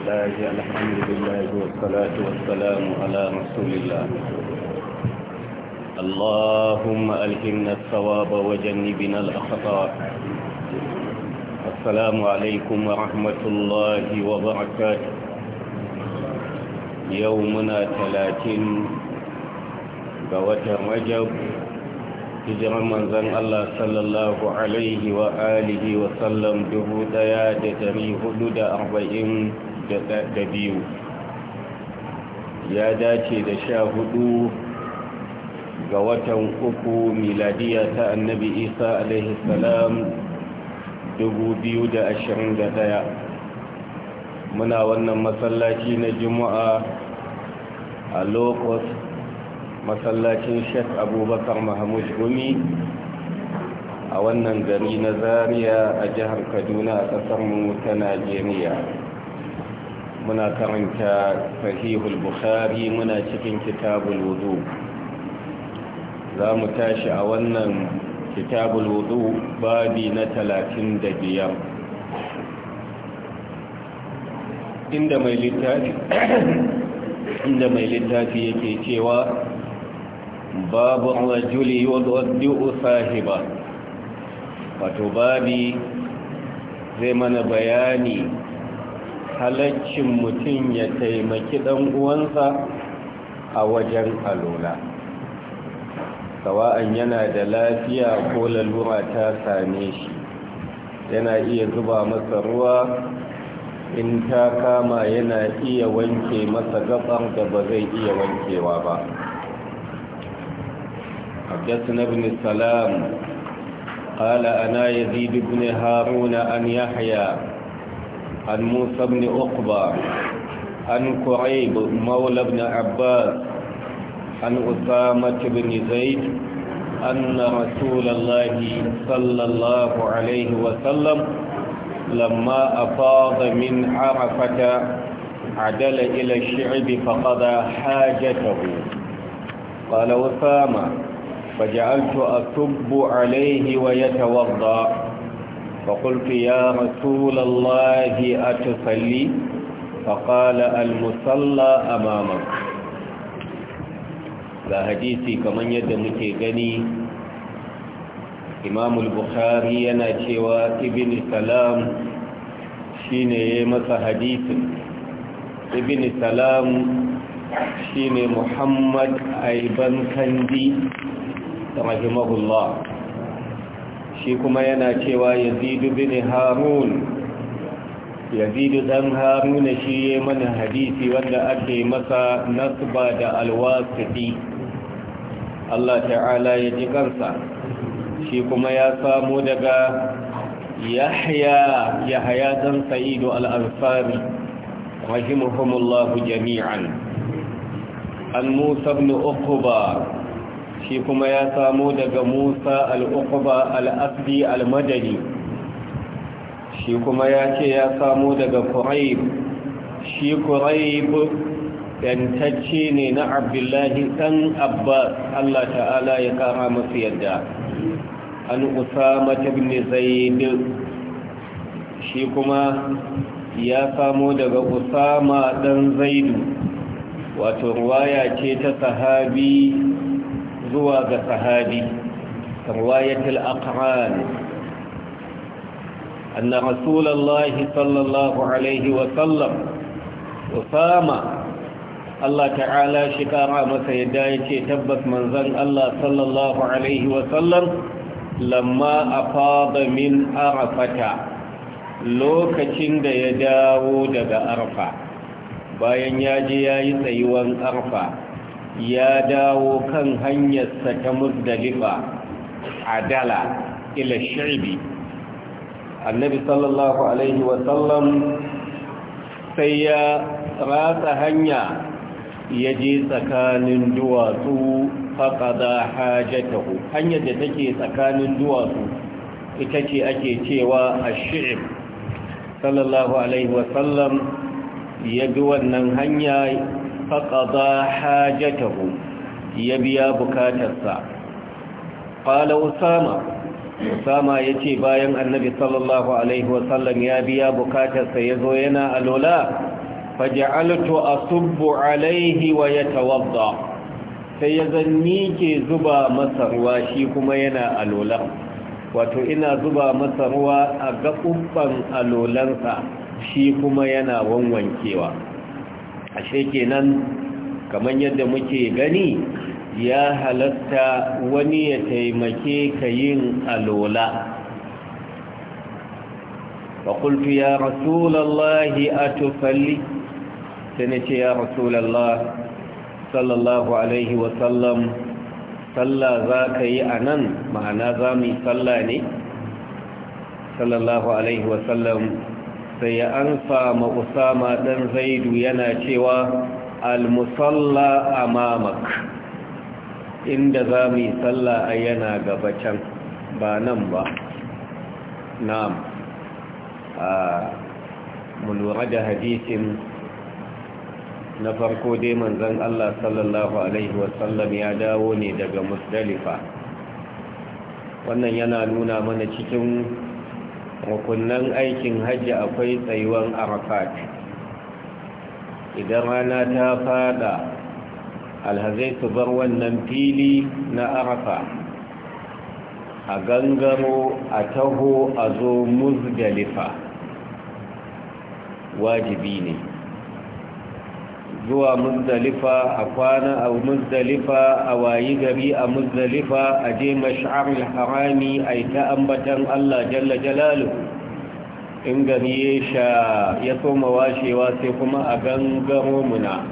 لله الحمد لله والصلاة والسلام على رسول الله اللهم ألهمنا الثواب وجنبنا الأخطاء السلام عليكم ورحمة الله وبركاته يومنا ثلاثين قوة رجب hijiran manzan Allah sallallahu Alaihi wa alihi wasallam dubu daya da dari hudu da arba'in da biyu ya dace da sha hudu ga watan uku miladiya ta annabi isa alaihi salam ɗaya. muna wannan masallaci na juma'a a lokos masallacin sheikh abubakar mahamud gumi a wannan gari na zaria a jihar kaduna a ƙasarmu ta najeriya muna karanta sahihul bukhari muna cikin kitabul wudu za mu tashi a wannan kitabul wudu babi na talatin da biyar inda mai littafi inda mai littafi yake cewa babu rajuli wadda sahiba wato babi zai mana bayani halaccin mutum ya taimaki ɗan uwansa a wajen alola sawa'an yana da lafiya ko lalura ta same shi yana iya zuba masa ruwa in ta kama yana iya wanke masa gabar da ba zai iya wankewa ba na bin Salam السلام ana ya zidi bin هارون an yahya عن موسى بن عقبة عن كعيب مولى بن عباس عن أسامة بن زيد أن رسول الله صلى الله عليه وسلم لما أفاض من عرفة عدل إلى الشعب فقضى حاجته قال أسامة فجعلت أصب عليه ويتوضأ فقلت يا رسول الله أتصلي فقال المصلى أمامك لا حديثي كمن يدمك غني إمام البخاري يناتيوى ابن سلام شين يمس حديث ابن سلام شين محمد أيبن كندي رحمه الله shi kuma yana cewa yazidu bin harun yazidu dan haruna shi ya mana hadisi wanda ake masa nasba da alwasiti Allah ta'ala ya ji kansa shi kuma ya samu daga yahya yahya dan sa'idu al-ansari rahimahumullahu jami'an an musa ibn uqba shi kuma ya samo daga musa al'ukuba al'abdi al-madani shi kuma ya ce ya samo daga ƙuraib shi ƙuraib yantacce ne na abdullahi ɗan abbas allah ta'ala ya ƙara masu yadda an usama ibn zaid shi kuma ya samo daga usama ɗan zaidu wato ruwaya ce ta sahabi zuwa ga sahabi tarwayatul aqran anna rasulullah sallallahu alaihi wa sallam usama Allah ta'ala shi kara masa ya dace tabbas manzon Allah sallallahu alaihi sallam lamma afada min arafata lokacin da ya dawo daga arfa bayan ya je yayi tsayuwan arfa ya dawo kan hanyarsa ta muzdalifa a dala ila shirbi annabi sallallahu alaihi wasallam sai ya rasa hanya ya je tsakanin duwatsu faƙada hajjatahu hanyar da take tsakanin duwatsu ita ce ake cewa a shirib sallallahu alaihi wasallam ya bi wannan hanya faƙaɗa hajjatahu ya biya bukatarsa ƙala usama usama ya ce bayan annabi sallallahu alaihi wasallam ya biya bukatarsa ya zo yana alola faja'altu asubbu alaihi wa yatawadda sai ya zanni ke zuba masa ruwa shi kuma yana alola wato ina zuba masa ruwa a gaɓuɓɓan alolansa shi kuma yana wanwankewa ashe kenan kamar yadda muke gani ya halatta wani ya taimake ka yin alola wa kultu ya rasulallahi a tufalli sai ce ya rasulallah sallallahu alaihi wasallam sallah za ka yi a nan ma'ana za mu yi sallah ne sallallahu alaihi wasallam sai ya ansa ma usama dan zaidu yana cewa almusalla amamak inda za mu yi sallah a yana gaba can ba nan ba na'am a mulura da hadisin na farko dai manzon Allah sallallahu alaihi wasallam ya dawo ne daga musdalifa wannan yana nuna mana cikin rukunan aikin hajji akwai tsayuwan arafat idan rana ta fada alhazai su bar wannan fili na arafa a gangaro a taho a zo muzgalifa wajibi ne zuwa muzdalifa a kwana a muzdalifa a wayi gari a muzdalifa a je mash'arul harami a yi ta ambatan Allah jalla jalalu in gari ya sha ya soma washewa sai kuma a gangaro muna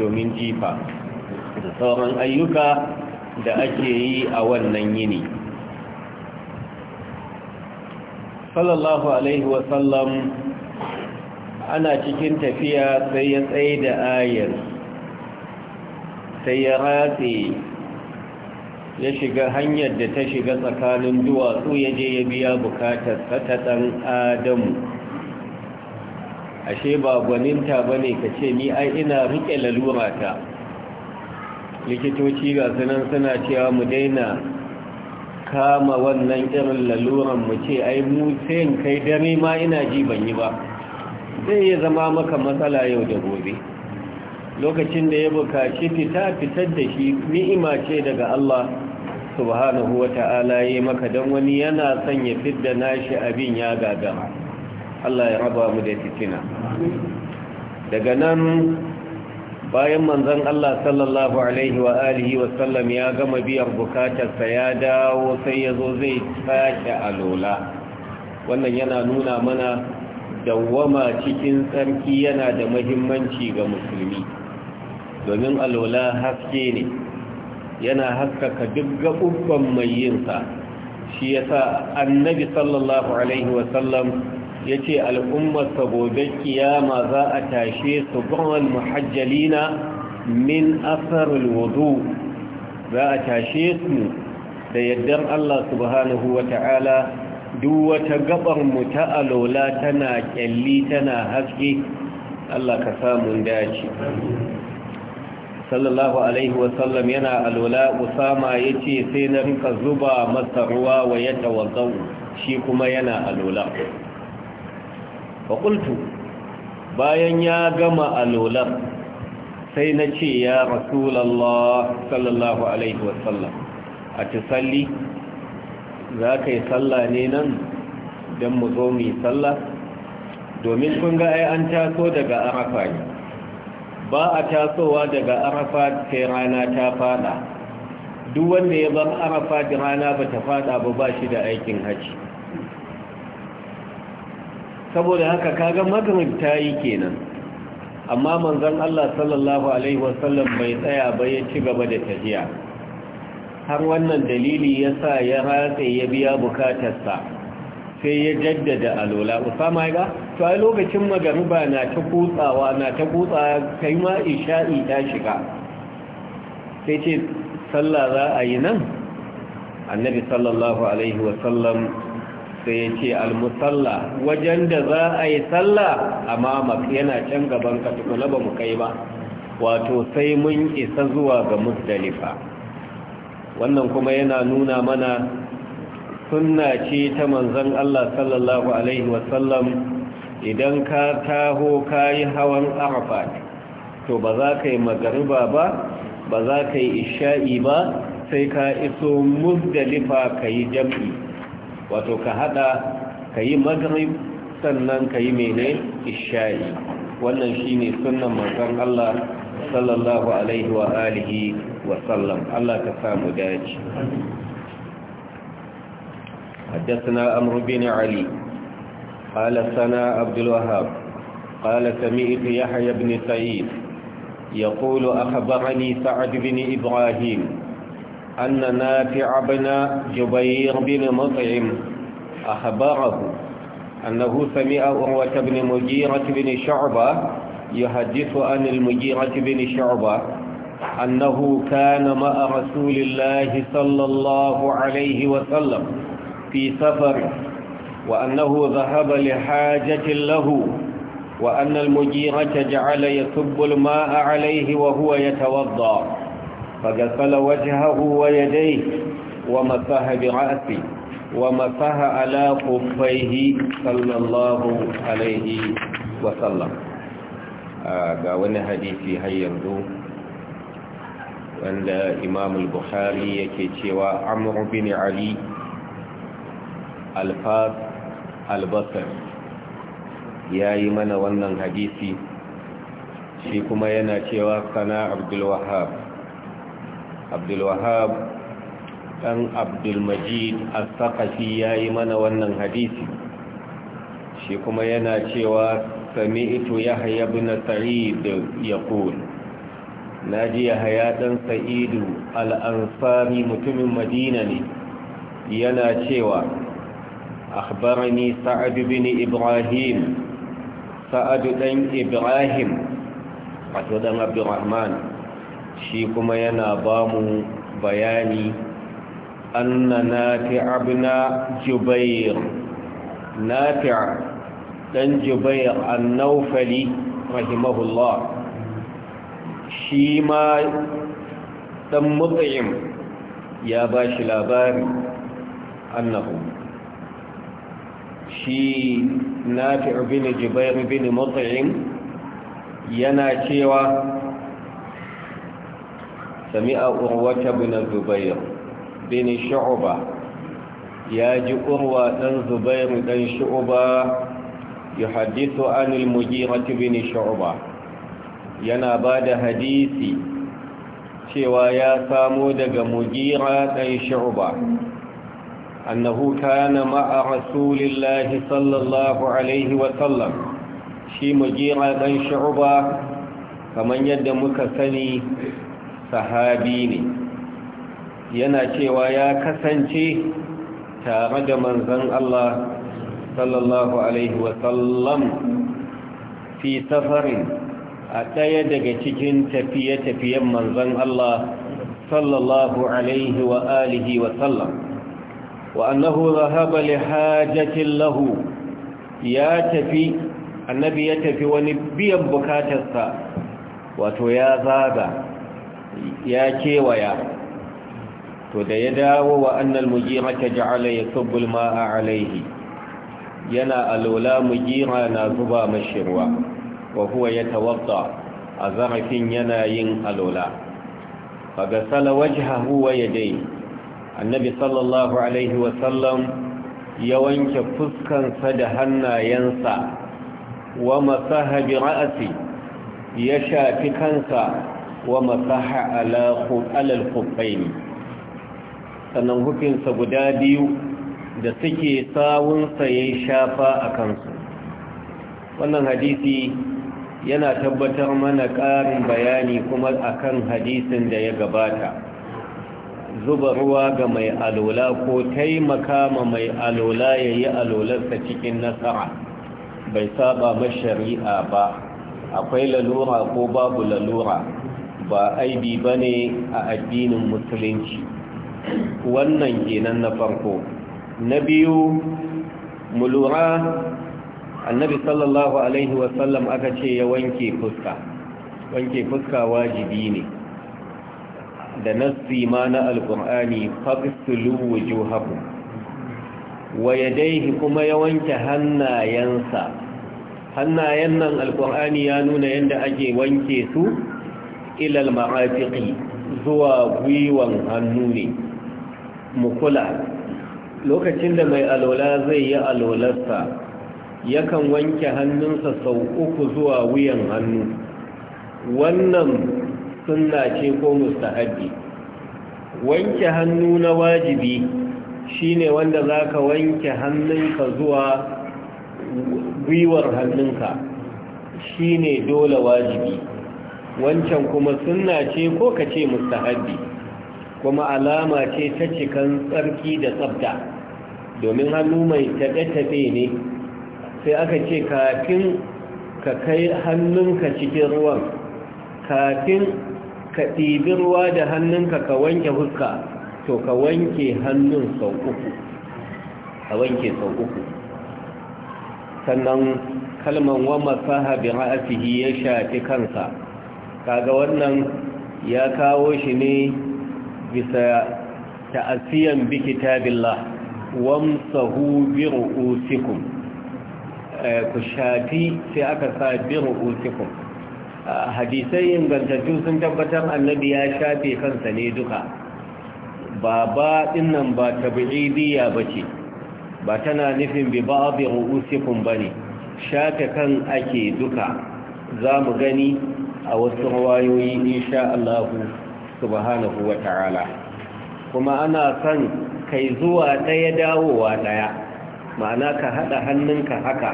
domin jifa da sauran ayyuka da ake yi a wannan yini sallallahu alaihi wasallam ana cikin tafiya sai ya tsaye da ayar sai ya ratse ya shiga hanyar da ta shiga tsakanin duwatsu ya je ya biya bukatar ta ɗan adamu ashe ba gwaninta ba ne ka ce ni ai ina riƙe ta. likitoci ga sunan suna cewa mu daina kama wannan irin laluran mu ce ai mu sayin kai dare ma ina ji ban yi ba zai iya zama maka matsala yau da gobe lokacin da ya bukaci fita fitar da shi ni'ima ce daga Allah subhanahu wa ta'ala ya maka don wani yana son ya fidda nashi abin ya gagama Allah ya raba mu da fitina daga nan bayan manzon Allah sallallahu alaihi wa alihi wa ya gama biyan bukatarsa ya dawo sai ya zo zai tashi alola wannan yana nuna mana dawwama cikin tsarki yana da mahimmanci ga musulmi domin alwala haske ne yana haskaka duk gaɓuɓɓen mai yinsa shi ya sa annabi sallallahu alaihi wasallam ya ce al'ummar gobe kiyama za a tashe su gawon muhajjalina min asarul wudu za a tashe su da yardar Allah subhanahu wa ta'ala duk wata gabar mu ta alola tana kyalli tana haske Allah ka samu dace sallallahu alaihi wasallam yana alola usama ya ce sai na rinka zuba masa ruwa wa ya tawazzau shi kuma yana alola fa bayan ya gama alola sai na ce ya rasulullah sallallahu alaihi wasallam a tusalli za ka yi sallah ne nan don mu zo mu yi sallah domin kun ga ai an taso daga arafa ne ba a tasowa daga arafa sai rana ta fada duk wanda ya bar arafa da rana ba ta fada ba ba shi da aikin hajji saboda haka kaga magrib ta yi kenan amma manzon Allah sallallahu alaihi wasallam bai tsaya ba ya ci gaba da tafiya har wannan dalili ya sa ya ratse ya biya bukatarsa sai ya jaddada alola usama ga to a lokacin magariba na ta kutsawa na ta kutsa kai ma isha'i ta shiga sai ce sallah za a yi nan annabi sallallahu alaihi wasallam sai ya ce almusalla wajen da za a yi sallah a mamak yana can gaban katukula ba mu kai ba wato sai mun isa zuwa ga musdalifa wannan kuma yana nuna mana sunna ce ta manzon Allah sallallahu alaihi wasallam idan ka taho kayi hawan arafat to ba za ka yi magariba ba ba za ka yi isha'i ba sai ka iso muzdalifa ka yi jam'i wato ka hada ka yi magarib sannan ka yi mene isha'i wannan shine sunnan manzan Allah sallallahu alaihi wa alihi wa sallam Allah ka samu daji haddathna amru bin ali qala sana abdul wahhab qala sami'tu yahya ibn sa'id yaqulu akhbarani sa'd ibn ibrahim anna nafi'a ibn jubayr bin mut'im akhbarahu annahu sami'a urwa ibn mujirah ibn sha'bah يحدث عن المجيرة بن شعبة أنه كان مع رسول الله صلى الله عليه وسلم في سفر وأنه ذهب لحاجة له وأن المجيرة جعل يصب الماء عليه وهو يتوضأ فغسل وجهه ويديه ومسح برأسه ومسح على خفيه صلى الله عليه وسلم ga wani hadisi har yanzu wanda imam bukhari yake cewa amr bin ali alfas albasar ya yi mana wannan hadisi shi kuma yana cewa sana Abdul abdulwahab ɗan abdulmajid al-sakafi ya yi mana wannan hadisi shi kuma yana cewa سمعت يحيى بن سعيد يقول ناجي يحيى بن سعيد الأنصاري متم مدينة ينا شوى أخبرني سعد بن إبراهيم سعد بن إبراهيم أتودا عبد الرحمن شيكما ينا بامو بياني أن ناتع بن جبير ناتع dan jubair annaufali rahimahullah shi ma dan mutsayin ya ba shi labari annahu shi nafi' bin jubair bin mutsayin yana cewa سمع أروة بن الزبير Shuba, ya ji أروة بن زبير dan Shuba. يحدث عن المجيرة بن شعبة ينا بعد hadisi. cewa ya samo daga mugira ɗan shu'ba annahu kana ma'a rasulillahi sallallahu alaihi sallam shi mugira ɗan shu'ba kamar yadda muka sani sahabi ne yana cewa ya kasance tare da manzon Allah صلى الله عليه وسلم في سفر أتيا دقشكين تفية تفية منزن الله صلى الله عليه وآله وسلم وأنه ذهب لحاجة له يا تفي النبي يتفي ونبيا بكاتسا وتويا ذابا يا كيويا to da ya dawo wa annal mujirata ja'ala yasubbu al-ma'a alayhi yana alola gira na zuba mashi ruwa wa huwa ya tawadda a zarafin yana yin alola faga sala wajhahu ya yadai annabi sallallahu alaihi wa sallam ya wanke fuskansa da hannayensa wa masaha bi ra'asi, ya shafi kansa wa masaha ala khuffaini sannan hufinsa guda biyu da suke sawunsa ya shafa a kansu wannan hadisi yana tabbatar mana ƙarin bayani kuma akan hadisin da ya gabata zuba ruwa ga mai alola ko taimaka ma mai alola ya yi alolarsa cikin nasara bai saba shari'a ba akwai lalura ko babu lalura ba aibi ba ne a addinin musulunci wannan kenan na farko na biyu mu lura annabi sallallahu alaihi wasallam aka ce ya wanke fuska wanke fuska wajibi ne da nassi ma na alkur'ani faqsulu wujuhakum wa kuma ya wanke hannayensa hannayen nan alkur'ani ya nuna yadda ake wanke su ilal ma'afiqi zuwa gwiwan hannu ne mukula lokacin da mai alola zai yi alolarsa yakan wanke hannunsa sau uku zuwa wuyan hannu wannan suna ce ko mustahabi wanke hannu na wajibi shine wanda zaka wanke hannunka zuwa gwiwar hannunka shine dole wajibi wancan kuma suna ce ko ka kace mustahabi kuma alama ce ta cikan tsarki da tsabta domin hannu mai taɓe-taɓe ne sai aka ce kafin ka kai hannunka cikin ruwan kafin ka ɗibi ruwa da hannunka ka wanke huska to ka wanke hannun sau uku a wanke sau uku sannan kalman wama saha bi ya shafi kansa kaga wannan ya kawo shi ne bisa ta'asiyan bi kitabillah wamsahu bi ru'usikum eh, ku shafi sai aka sa bi ru'usikum hadisai ingantattu sun tabbatar annabi ya shafe kansa ne duka ba ba dinnan ba tabi'idiyya bace ba tana nufin bi ba'd ru'usikum bane shafe kan ake duka za mu gani a wasu rawayoyi insha Allah subhanahu wa ta'ala kuma ana san kai zuwa ɗaya dawowa ɗaya ma'ana ka haɗa hannunka haka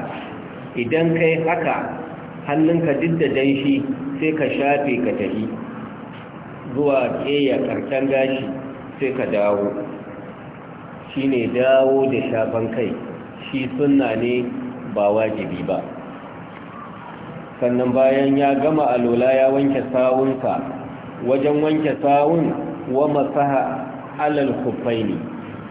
idan kai haka hannunka duk da danshi sai ka shafe ka tafi zuwa ƙeya ƙarshen gashi sai ka dawo shi ne dawo da shafan kai shi sunna ne ba wajibi ba sannan bayan ya gama alola ya wanke sawunsa wajen wanke sawun wa masaha alal kufaini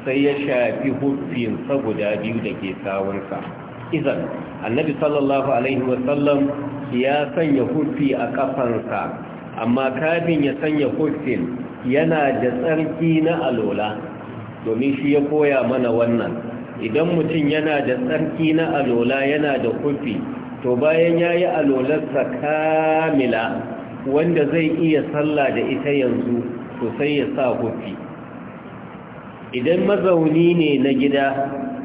sai ya shafi huffinsa guda biyu da ke sawunsa izan annabi sallallahu alaihi wasallam ya sanya huffi a kafansa amma kafin ya sanya huffin yana da tsarki na alola domin shi ya koya mana wannan idan mutum yana da tsarki na alola yana da huffi to bayan ya yi alolarsa kamila wanda zai iya sallah da ita yanzu sosai ya sa huffi idan mazauni ne na gida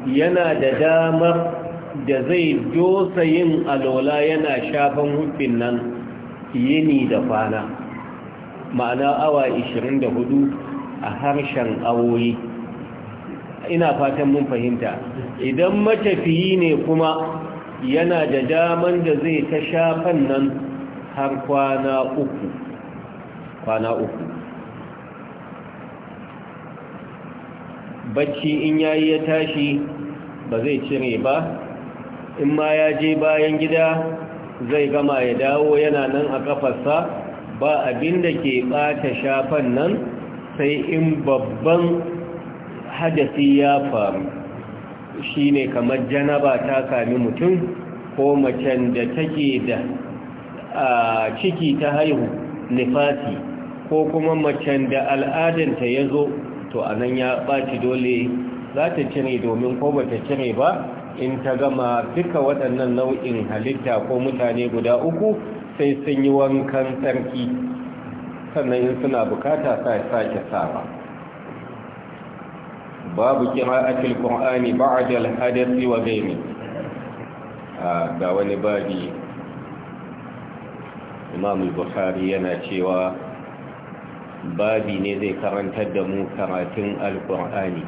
yana da damar da zai dosa yin alola yana shafan hukun nan yini da kwana ma'ana awa 24 a harshen awoyi ina fatan mun fahimta idan matafiyi ne kuma yana da daman da zai ta shafan nan har uku kwana uku bacci in yayi ya tashi ba zai cire ba in ma ya je bayan gida zai gama ya dawo yana nan a kafarsa ba abin da ke bata shafan nan sai in babban hadasi ya faru shine kamar janaba ta kami mutum ko macen da take da a ciki ta haihu nifati ko kuma macen da al'adanta ya zo to a nan ya ɓaci dole za ta cire domin ko ba ta cire ba in ta gama duka waɗannan nau'in halitta ko mutane guda uku sai sun yi wankan tsarki sannan in suna bukata sa sake sawa babu kira'atul qur'ani ba'da al Hadasi, wa A ga wani babi imam Buhari yana cewa babi ne zai karantar da mu karatun alkur'ani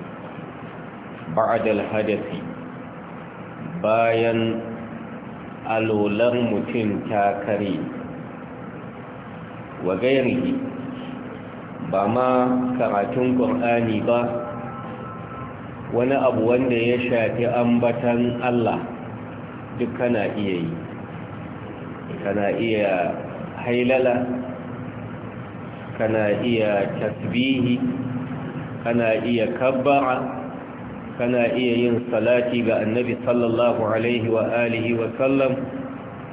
ba'adal hadasi bayan alolar mutum ta kare wa gairi ba ma karatun ƙur'ani ba wani abu wanda ya shafi ambatan Allah duk kana iya yi kana iya hailala kana iya tasbihi kana iya kabbara kana iya yin salati ga annabi sallallahu alaihi wa alihi wa sallam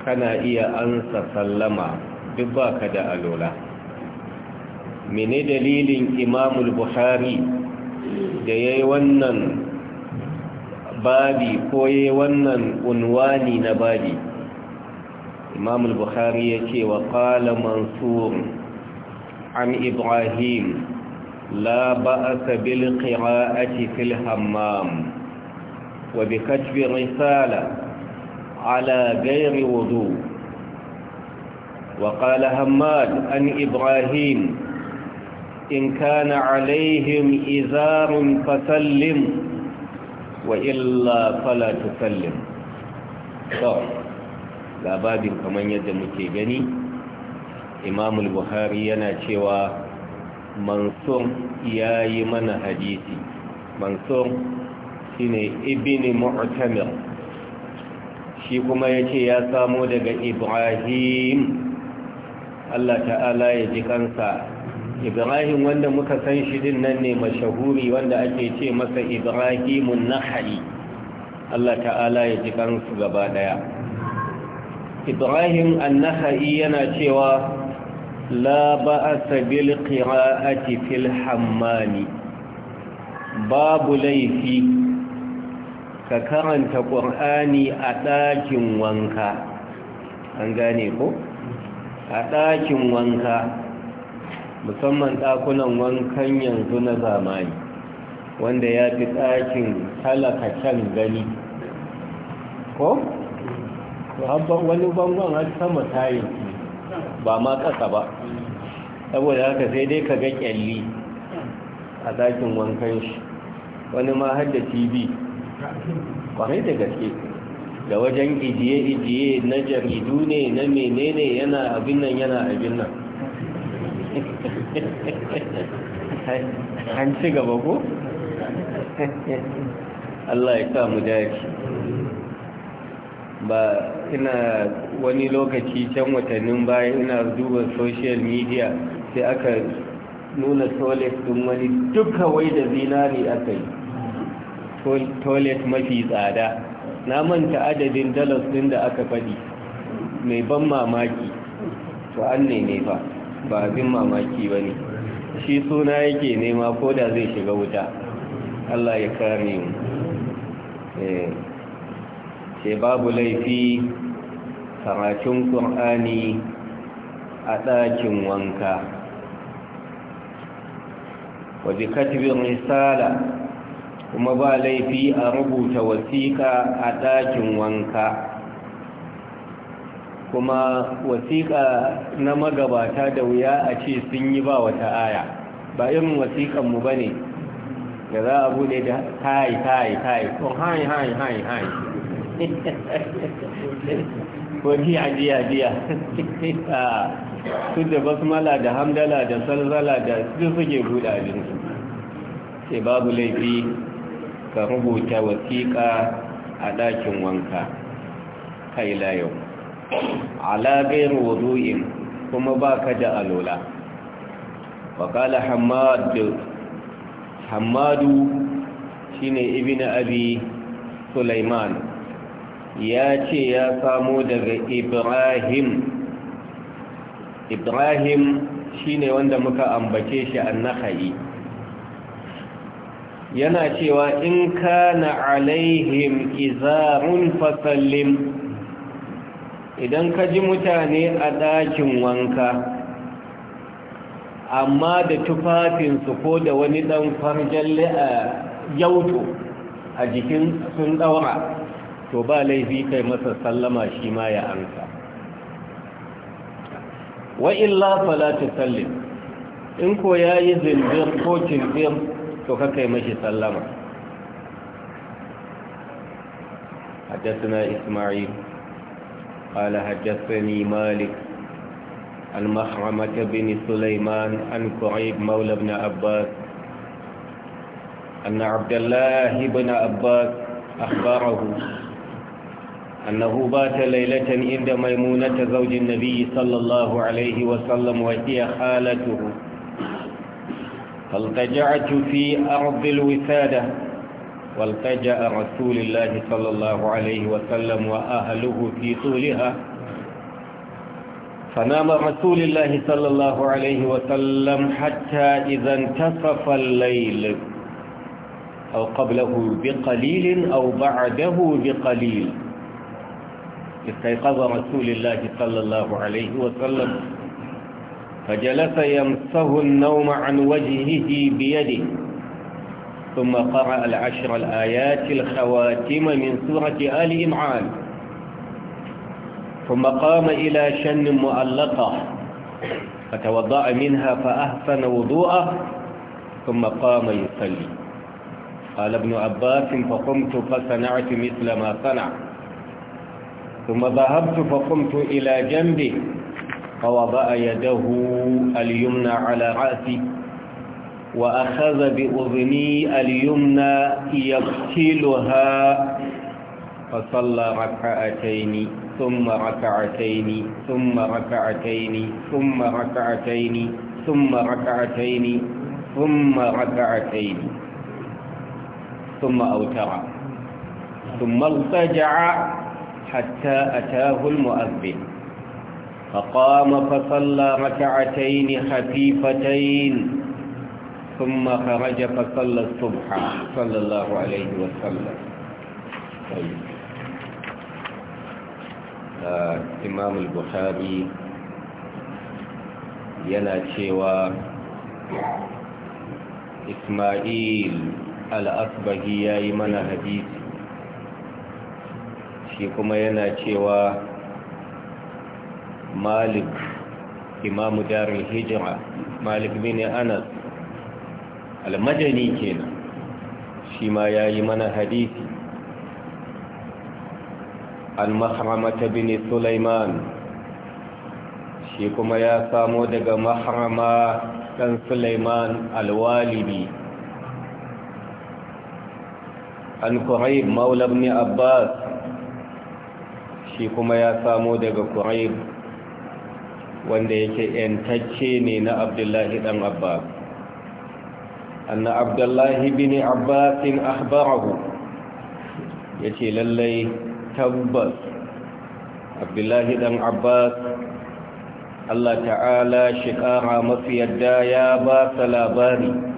kana iya ansa sallama duk ba ka da alola mene dalilin imamul buhari da yayi wannan babi ko yayi wannan unwani na babi imamul buhari yace wa qala mansur عن إبراهيم لا بأس بالقراءة في الحمام وبكتب رسالة على غير وضوء وقال هماد عن إبراهيم إن كان عليهم إزار فسلم وإلا فلا تسلم طيب، لا باب كمان يدمك جنيه imamul buhari yana cewa mansur ya yi mana hadisi mansur shi ne ibini mu'tamir shi kuma ya ya samo daga ibrahim allah ta'ala ya ji kansa ibrahim wanda muka san shi din nan ne mashahuri wanda ake ce masa ibrahimun nahari allah ta'ala ya ji kansu gaba daya ibrahim annahari yana cewa لا بأس بالقراءة في الحمام باب ليفي ككرنت قرآني أتاك وانكا أنغانيكو أتاك وانكا musamman ɗakunan wankan yanzu na zamani wanda ya fi ɗakin talaka can gani ko? wani bangon har sama tayin ba ma ƙasa ba saboda haka sai dai ka ga ƙyalli a ɗakin wankan shi wani ma har da tv kwarai da gaske da wajen ijiye-ijiye na jaridu ne na menene yana abin nan yana abin nan an ci gaba ko? Allah ya sa mu dace ba ina wani lokaci can watannin baya ina duba social media sai aka nuna toilet din wani duka wai da zinari aka yi toilet mafi tsada na manta adadin dalas din da aka faɗi mai ban mamaki to an nene ba ba abin mamaki ba ne shi suna yake nema ko da zai shiga wuta Allah ya kare mu eh. Sai babu laifi karatun ƙur'ani a ɗakin wanka wajen katibin risala kuma ba laifi a rubuta wasiƙa a ɗakin wanka kuma wasiƙa na magabata da wuya a ce sun yi ba wata aya ba irin wasiƙanmu ba ne da za a bude da tayi tayi tayi wani ajiya a su da basmala da hamdala da salzala da su suke buɗe abinci, sai babu laifi ka rubuta wasiƙa a ɗakin wanka kai yau. ala gairu kuma ba ka da alola Wakala Hamadu shine شين abi Sulaiman. ya ce ya samo daga ibrahim ibrahim shine wanda muka ambace shi annahai yana cewa in kana alaihim izarun fasallim idan ka ji mutane a ɗakin wanka amma da tufafinsu ko da wani ɗan farjalle a yauto a jikin sun ɗaura to ba laifi kai masa sallama shi ma ya amsa wa illa fala tusallim in ko yayi zindir ko kindir to ka kai mashi sallama حدثنا إسماعيل قال حدثني مالك المخرمة بن سليمان عن كعيب مولى بن عباس أن عبد الله بن عباس أخبره أنه بات ليلة عند ميمونة زوج النبي صلى الله عليه وسلم وهي خالته فالتجعت في أرض الوسادة والتجأ رسول الله صلى الله عليه وسلم وأهله في طولها فنام رسول الله صلى الله عليه وسلم حتى إذا انتصف الليل أو قبله بقليل أو بعده بقليل استيقظ رسول الله صلى الله عليه وسلم فجلس يمسه النوم عن وجهه بيده ثم قرأ العشر الآيات الخواتم من سورة آل إمعان ثم قام إلى شن مؤلقة فتوضأ منها فأحسن وضوءه ثم قام يصلي قال ابن عباس فقمت فصنعت مثل ما صنع ثم ذهبت فقمت إلى جنبه فوضع يده اليمنى على رأسي وأخذ بأذني اليمنى يغسلها فصلى ركعتين ثم ركعتين ثم ركعتين ثم ركعتين ثم ركعتين ثم ركعتين ثم أوتر ثم التجع حتى أتاه المؤذن فقام فصلى ركعتين خفيفتين ثم خرج فصلى الصبح صلى الله عليه وسلم طيب. آه، إمام البخاري ينا شوى إسماعيل الأصبه يا إيمان mana shi kuma yana cewa malik imamu hijira malik bin anas almajani kenan shi ma ya yi mana hadisi an ta bin sulaiman shi kuma ya samo daga maharama ɗan sulaiman alwalibi an kurai maula abbas shi kuma ya samo daga ƙuraib wanda yake ‘yantacce ne na abdullahi ɗan Abba. anna abdullahi bin abbasin ahbarahu ya ce lallai tabbas abdullahi ɗan abbas allah ta'ala shi ƙara mafi yadda ya ba sa labari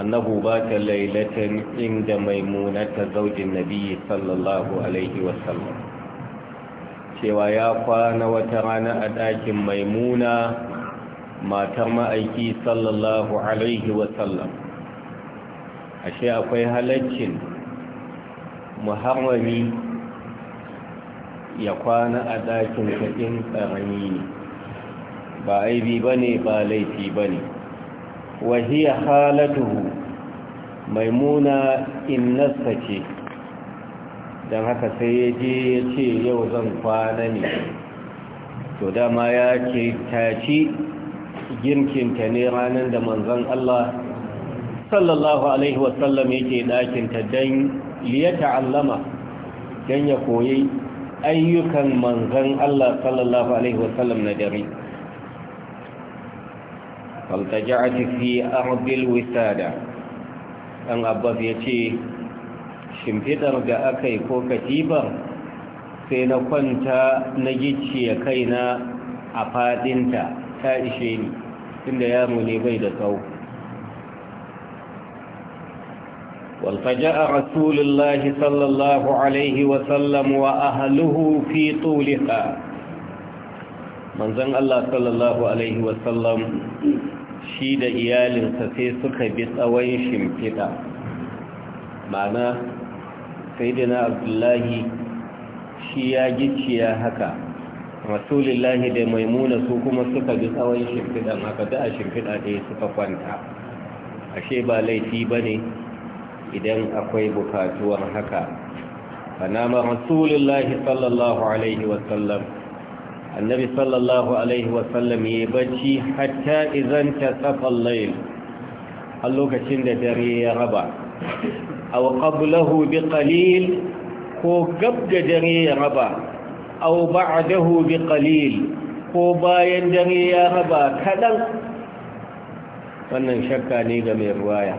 أنه بات ليلة عند ميمونة zaujin النبي sallallahu alaihi عليه وسلم cewa ya kwana wata rana a ɗakin maimuna matar ma'aiki sallallahu alaihi wasallam ashe akwai halaccin muharrami ya kwana a ɗakin kaɗin ƙarami ba aibi ba ne ba laifi ba ne wa hiya halatuhu maimuna innasta ce don haka sai ya je ya ce yau zan kwana ne to dama ya ke taci girkinta ne ranar da manzan Allah sallallahu alaihi wasallam yake ɗakinta don liyata ta'allama don ya koyi ayyukan manzon Allah sallallahu alaihi wasallam na dare فالتجعت في أرض الوسادة أن أبض يتي شمفتر دأكي كوكتيبر سينكونت نجيتشي كينا أفادنت تائشيني إلا يامني بيد صوف والفجاء رسول الله صلى الله عليه وسلم وأهله في طولها manzon Allah sallallahu alaihi wasallam shi da iyalinsa sai suka bi tsawon shimfiɗa ma'ana saidina abdullahi shi ya gicciya haka rasulillahi da maimuna su kuma suka bi tsawon shimfiɗa, haka da a shimfiɗa ɗaya suka kwanta ashe ba laifi ba ne idan akwai bukatuwar haka fanama rasulillahi sallallahu alaihi wasallam annabi sallallahu alaihi wasallam ya bacci hatta izan ta tsafan layin a lokacin da dare ya raba au qablahu bi qalil ko gab da dare ya raba au ba'dahu bi qalil ko bayan dare ya raba kadan wannan shakka ne ga mai ruwaya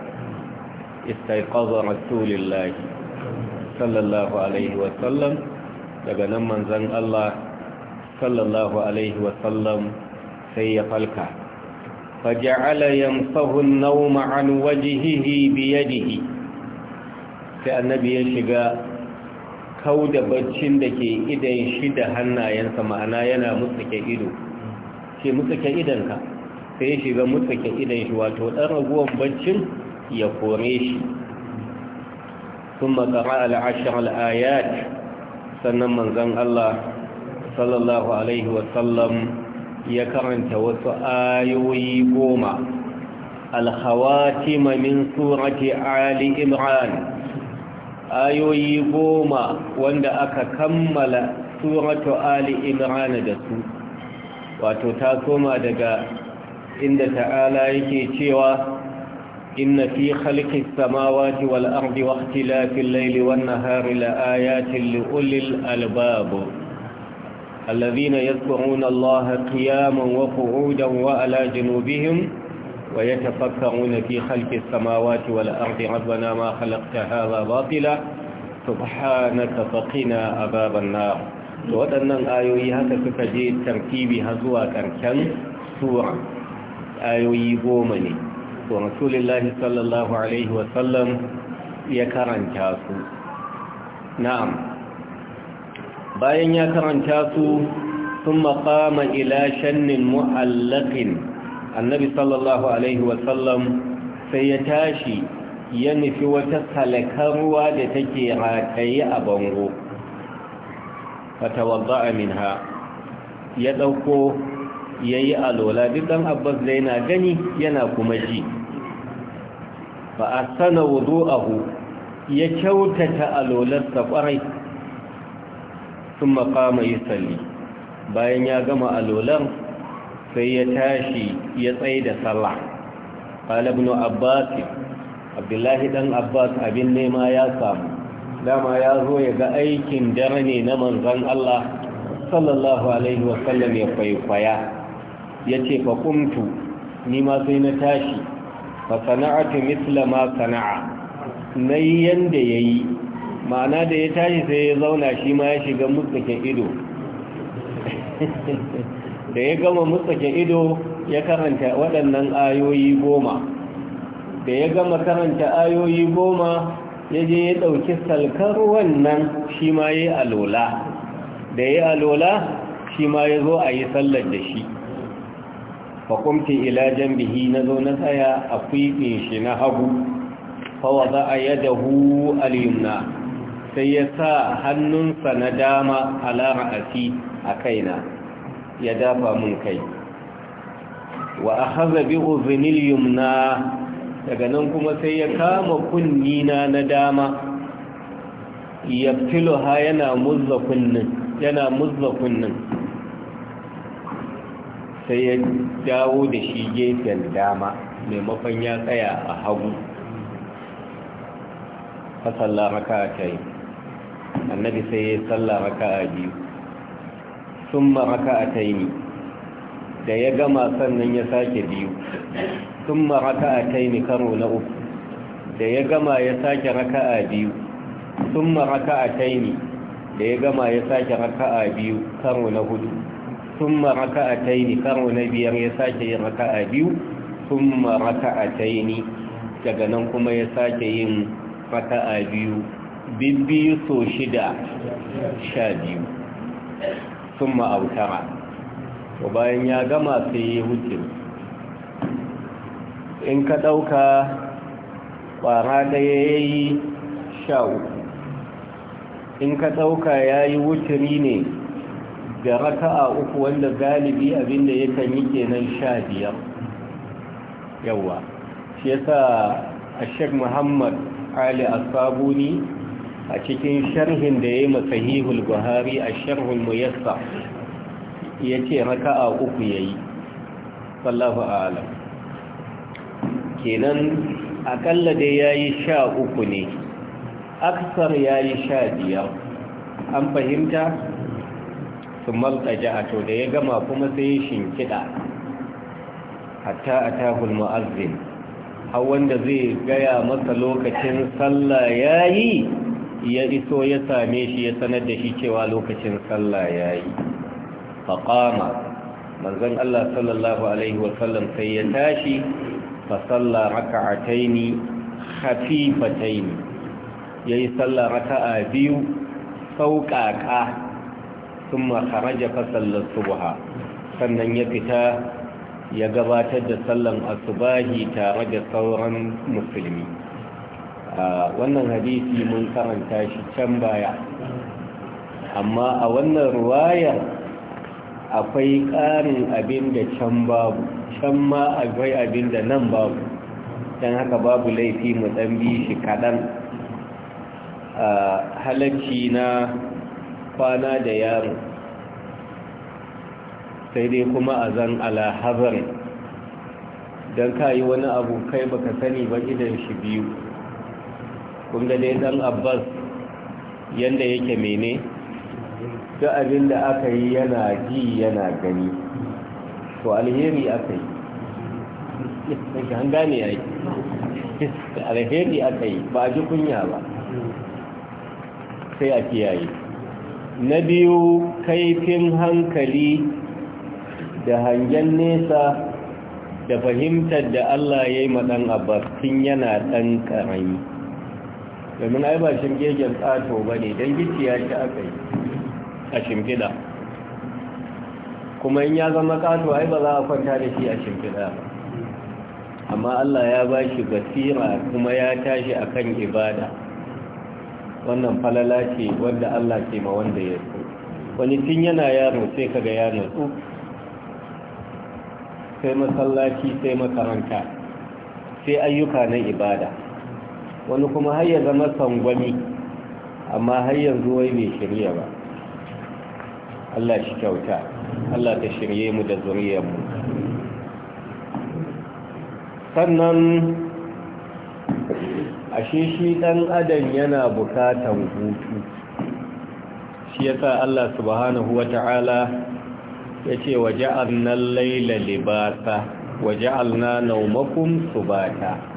istaiqaza rasulillahi sallallahu alaihi wasallam daga nan manzon Allah sallallahu alaihi wasallam sai ya falka faja'ala yamsahu an-nawma an wajhihi bi yadihi sai annabi ya shiga kauda baccin da ke idan shi da hannayensa ma'ana yana mutsuke ido ce mutsuke idanka sai ya shiga mutsuke idan shi wato dan raguwan baccin ya kore shi ثم قرأ العشر الآيات sannan manzan Allah sallallahu alaihi wasallam ya karanta wasu ayoyi goma alhawatima min surati ali imran ayoyi goma wanda aka kammala suratu ali imran da su wato ta soma daga inda ta'ala yake cewa inna fi khalqis samawati wal ardi wa ikhtilafil layli wan nahari la ayatin li ulil albab الذين يذكرون الله قياما وقعودا وعلى جنوبهم ويتفكرون في خلق السماوات والأرض ربنا ما خلقت هذا باطلا سبحانك فقنا عذاب النار waɗannan ayoyi haka suka je tartibi har zuwa ƙarshen sura ayoyi goma ne to sallallahu alaihi ya karanta su na'am bayan ya karanta su sun maƙama ila shannin mu'allakin annabi sallallahu alaihi wasallam sai ya tashi ya nufi wata salakarwa ruwa da take rataye a bango fatawadda ha. ya ɗauko ya yi alola duk abbas da yana gani yana kuma ji ba a sana wuzo ahu ya kyautata alolarsa ƙwarai sun makama yi salli bayan ya gama alolan sai ya tashi ya tsaye da sallah ƙalabnu abbas abdullahi ɗan abbas abin nema ya samu dama ya zo ya ga aikin dare ne na manzan allah sallallahu alaihi wasallam ya kwaikwaya ya ce fa kumtu ni ma sai na tashi fa sana'atu misla ma sana'a na yi yanda ya yi ma'ana da ya tashi sai ya zauna shi ma ya shiga mutsakin ido da ya gama mutsakin ido ya karanta waɗannan ayoyi goma da ya gama karanta ayoyi goma ya je ya ɗauki salkar wannan shi ma ya yi alola da ya alola shi ma ya zo a yi sallar da shi faƙumti ilajen bihi na zo na tsaya a kwiɓin shi na hagu fawaza za a hu alimna sai ya sa hannunsa na dama alama fi a kaina ya dafa mun kai wa a haza bi na, daga nan kuma sai ya kama kunnina na dama ya filoha yana muzza kunnin yana muzza kunnin sai ya dawo da shi gefen dama maimakon ya tsaya a hagu fasallama ka ta yi annabi sai ya sallah raka'a biyu summa raka'ataini da ya gama sannan ya sake biyu summa raka'ataini karo na uku da ya gama ya sake raka'a biyu summa raka'ataini da ya gama ya sake raka'a biyu karo na hudu summa raka'ataini karo na biyar ya sake yin raka'a biyu summa raka'ataini daga nan kuma ya sake yin raka'a biyu biyu so shida sha biyu sun ma'autara ko bayan ya gama sai ya wuce in ka ɗauka ƙwara ɗaya ya yi sha uku in ka ɗauka ya yi wuturi ne da raka a uku wanda galibi abinda ya kan yi kenan sha biyar yawa shi yasa shek muhammad ali asabuni a cikin sharhin da ya yi masahihul buhari a sharhul muyassa ya ce raka'a uku ya yi sallahu alam kenan akalla dai ya yi sha uku ne aksar ya yi sha biyar an fahimta su maltaja a to da ya gama kuma sai ya shinkida hatta a tahul mu'azzin hawan wanda zai gaya masa lokacin sallah ya yi ya iso ya same shi ya sanar da shi cewa lokacin sallah ya yi faƙama manzan Allah sallallahu Alaihi wasallam sai ya tashi fasalla raka'ataini khafifataini yayi sallah raka'a biyu sauƙaƙa thumma kharaja fa subha sannan ya fita ya gabatar da sallan asubahi tare da sauran musulmi wannan hadisi mun karanta shi can baya amma a wannan ruwayar akwai ƙarin abin da can babu can ma akwai abin da nan babu don haka babu laifi mu ɗan bi shi kaɗan Halacci na kwana da yaro sai dai kuma a zan alahazar don ka yi wani abu kai baka sani ba idan shi biyu kun ga dai dan abbas yanda yake mene da abin da aka yi yana ji yana gani to alheri aka yi gane ya alheri aka yi ba ji kunya ba sai a kiyaye na biyu kaifin hankali da hangen nesa da fahimtar da Allah ya yi maɗan abbas tun yana ɗan ƙarami domin ai ba shimgegen tsato ba ne don ya shi aka yi a shimfida. kuma in ya zama kato ai ba za a kwanta da shi a shimfida. ba amma Allah ya ba shi basira kuma ya tashi akan ibada wannan falala ce wanda Allah ke ma wanda ya so wani tun yana yaro sai kaga ya natsu sai masallaci sai makaranta sai ayyuka na ibada wani kuma har ya zama sangwami amma har yanzu wai bai shirya ba Allah shi kyauta Allah ta shirye mu da zuriyarmu sannan ashe shi ɗan adam yana bukatan hutu shi yasa Allah subhanahu ya yace waje al-laila libasa waja'alna su bata.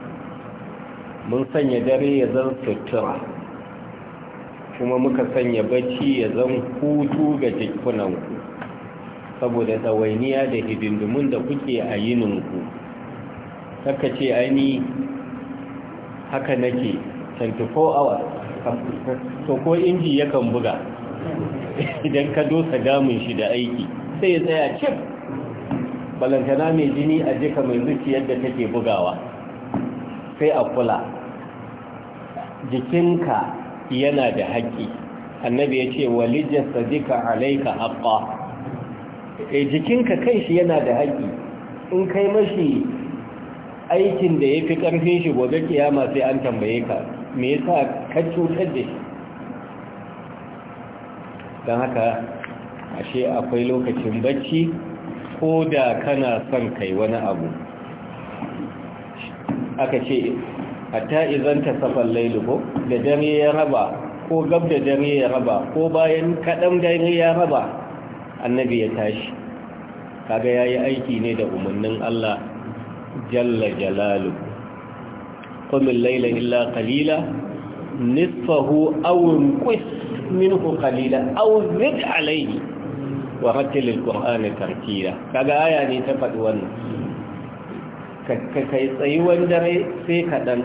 mun sanya dare ya zan sutura kuma muka sanya bacci ya zan hutu ga jikunanku saboda tsawainiya da hidindimun da kuke a yininku haka ce aini haka nake 24 hours to ko inji yakan buga idan ka dosa damun shi da aiki sai ya tsaya cip balantana mai jini a jika mai zuciyar da take bugawa sai a kula jikinka yana da haƙƙi annabi ya ce walijin sadika alaika haƙƙa e eh, jikinka shi yana da haƙƙi in kai mashi aikin da ya fi ƙarfin shi gobe kiyama sai an tambaye ka me yasa ka cutar da shi don haka ashe akwai lokacin bacci ko da kana son kai wani abu aka ce hatta izan ta safan lailu ko da dare ya raba ko gab da dare ya raba ko bayan kaɗan dare ya raba annabi ya tashi kaga ya yi aiki ne da umarnin Allah jalla jalalu kumin laila illa kalila nisfahu awun kwis minhu kalila awun zid alaihi wa rattilil qur'ani tartila kaga aya ne ta faɗi wannan kai tsayuwan dare sai kaɗan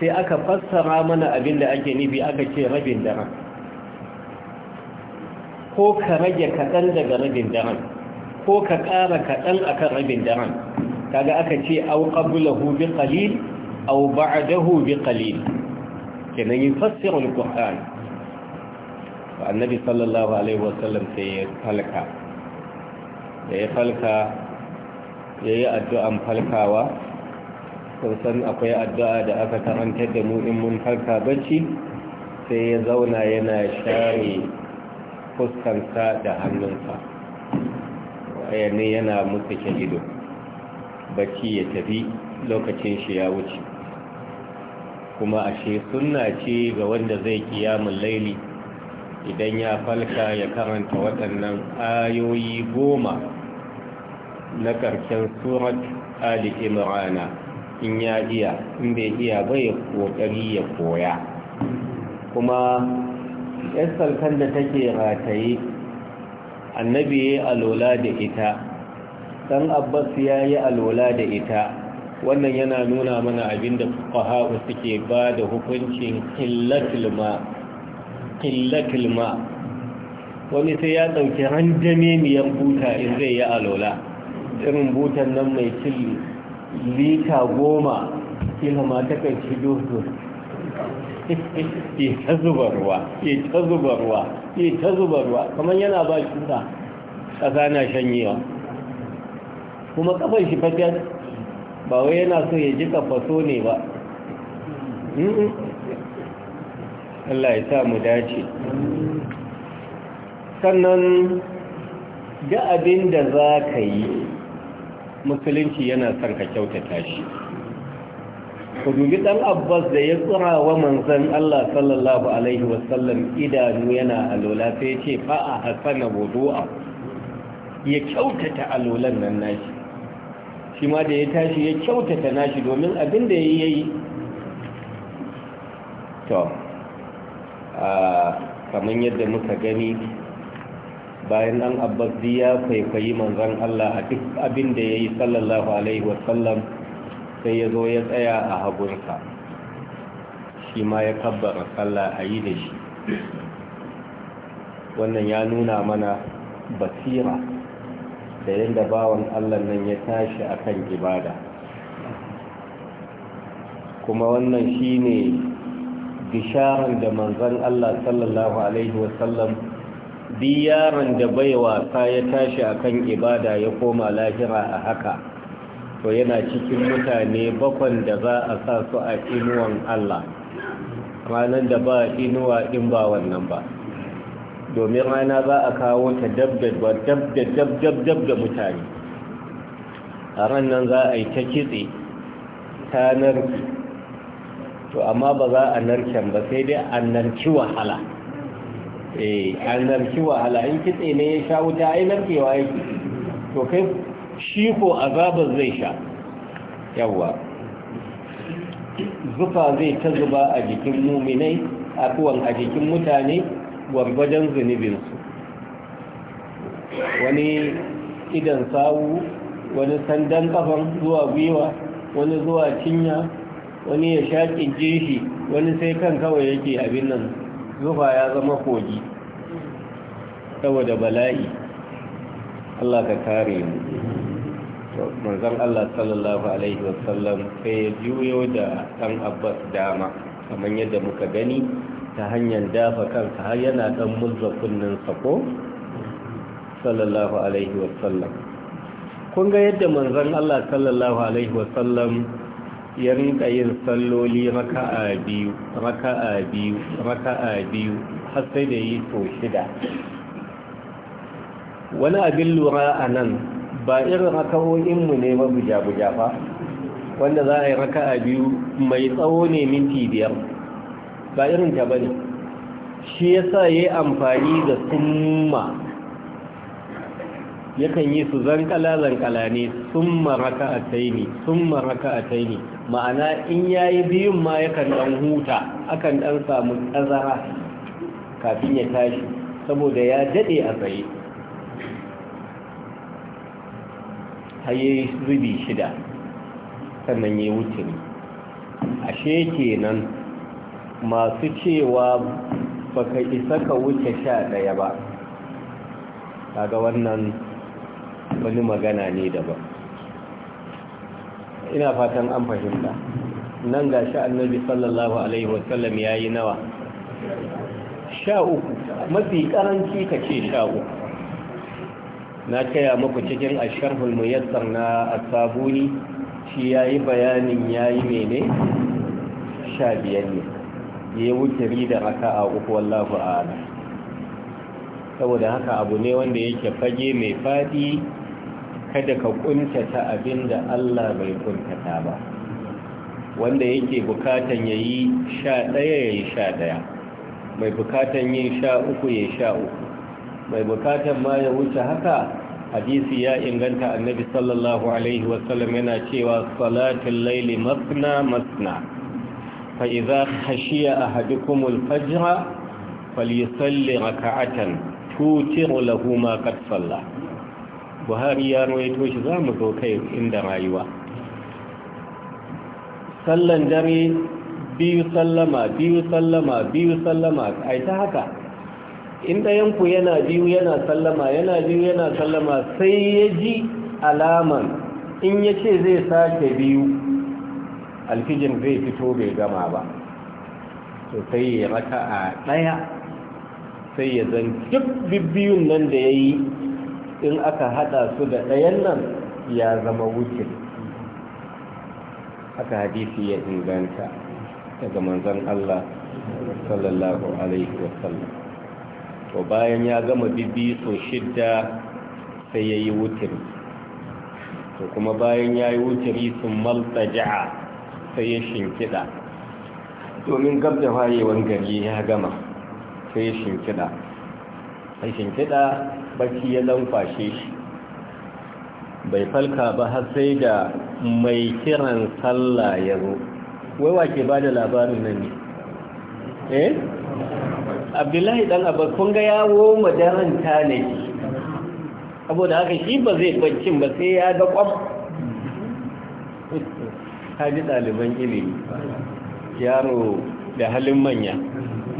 sai aka fassara mana abin da ake nufi aka ce rabin daren ko ka rage kaɗan daga rabin daren ko ka ƙara kaɗan akan rabin daren kaga aka ce au qablahu hubi qalil au ba'dahu hubi qalil kenan yin fassara alquran annabi sallallahu alaihi wasallam sai ya falka da ya falka ya yi addu'an falkawa san akwai addu'a da aka karantar da mu in mun falka bacci sai ya zauna yana share fuskansa da hannunsa ayyane yana mutsuke ido bacci ya tafi lokacin shi ya wuce kuma ashe suna ce ga wanda zai kiyamun laili idan ya falka ya karanta waɗannan ayoyi goma na ƙarshen surat ali imrana in ya iya in bai iya bai kokari ya koya kuma yan salkan da take rataye annabi ya yi alola da ita ɗan abbas ya yi alola da ita wannan yana nuna mana abinda fuqaha suke ba da hukuncin killatilma wani sai ya ɗauki ranjame miyan buta in zai yi alola irin butan nan mai cili lita goma kila ma takan ci ta zubarwa, ruwa ta zubarwa, ta zuba ruwa kamar yana ba shuka ƙasa na shanyewa kuma kafan shi fagen ba wai yana so ya ji faso ne ba Allah ya sa mu dace sannan ga abin da za ka yi musulunci yana son ka kyautata shi ku dubi ɗan abbas da ya tsira wa manzan allah sallallahu alaihi wasallam idanu yana alola sai ce fa'a hasana wudu'a ya kyautata alolan nan nashi shi ma da ya tashi ya kyautata nashi domin abin da ya yi to kamar yadda muka gani bayan an abbas ya kwaikwayi manzon Allah a duk abin da yayi sallallahu alaihi wasallam sai ya zo ya tsaya a hagunsa shi ma ya kabbara sallah a yi da shi wannan ya nuna mana basira da yadda bawan Allah nan ya tashi akan ibada kuma wannan shine bisharar da manzon Allah sallallahu alaihi wasallam bi yaron da bai wasa ya tashi akan ibada ya koma lahira a haka to yana cikin mutane bakon da za a sa su a inuwan Allah ranar da ba inuwa in ba wannan ba domin rana za a kawo ta dab da dab dab dab da mutane a ranar za a yi ta kitse ta narki to amma ba za a narken ba sai dai a narki wahala eh an narki wahala kitse ne ya sha wuta ai narkewa yake to kai shi ko azabar zai sha yawa zufa zai ta zuba a jikin muminai akuwan a jikin mutane gwargwajen zunubinsu wani idan sawu wani sandan kafan zuwa gwiwa wani zuwa cinya wani ya sha ƙin wani sai kan kawai yake abin nan zufa ya zama kogi saboda bala'i Allah ka kare mu manzon Allah sallallahu alaihi wasallam sai ya juyo da ɗan Abbas dama kamar yadda muka gani ta hanyar dafa kansa har yana ɗan mulza kunnin sako sallallahu alaihi wasallam kun ga yadda manzon Allah sallallahu alaihi wasallam ya rinka yin salloli raka'a biyu raka'a biyu raka'a biyu har sai da yi to shida wani abin lura a nan ba irin raka'o'inmu ne mabuja-buja ba wanda za a yi raka'a biyu mai tsawo ne minti biyar ba irin ta bane. shi yasa ya yi amfani da summa yakan yi su zankala zankala ne sun maraka a taini sun maraka a taini ma'ana in ya yi biyun ma yakan ɗan huta akan ɗan samu ƙazara kafin ya tashi saboda ya daɗe a tsaye haye zubi shida sannan ya wuce ne ashe kenan masu cewa baka isa ka wuce sha ɗaya ba kaga wannan wani magana ne daban ina fatan an fahimta nan ga shi annabi sallallahu alaihi wasallam ya yi nawa sha uku mafi karanci ka ce sha uku na taya muku cikin sharhul muyassar na asabuni shi ya yi bayanin ya yi mene sha biyar ne ya wuce rida aka a uku wallahu ala saboda haka abu ne wanda yake fage mai faɗi kada ka kuntata abinda Allah bai kuntata ba wanda yake bukatan yi sha ya yi sha ɗaya, mai bukatan yin sha uku yi sha uku mai bukatan ma ya wuce haka hadisi ya inganta annabi sallallahu alaihi wasallam yana cewa salatul laili masna masna fa idza khashiya ahadukum al-fajr falyusalli raka'atan tutiru lahu ma qad sallaa buhari ya rawaito shi za mu zo kai inda rayuwa sallan dare biyu sallama biyu sallama biyu sallama ai ta haka inda yanku yana biyu yana sallama yana biyu yana sallama sai ya ji alaman in ya ce zai sake biyu alfijin zai fito bai gama ba to sai ya raka a ɗaya sai ya zan duk bibiyun nan da ya yi in aka hada su da ɗayan nan ya zama wucin aka hadisi ya inganta daga manzan Allah sallallahu alaihi wasallam to bayan ya gama bibi so shidda sai ya yi wucin to kuma bayan ya yi wucin sun malta ja'a sai ya shinkida domin gab da wayewan gari ya gama sai ya shinkida a shinkida bacci ya lankwashe shi bai falka ba har sai da mai kiran sallah ya zo wai wake ba da labarin nan ne eh abdullahi dan abar kun ga yawo madaran ta ne saboda haka shi ba zai baccin ba sai ya ga kwam ta ji ɗaliban ilimi yaro da halin manya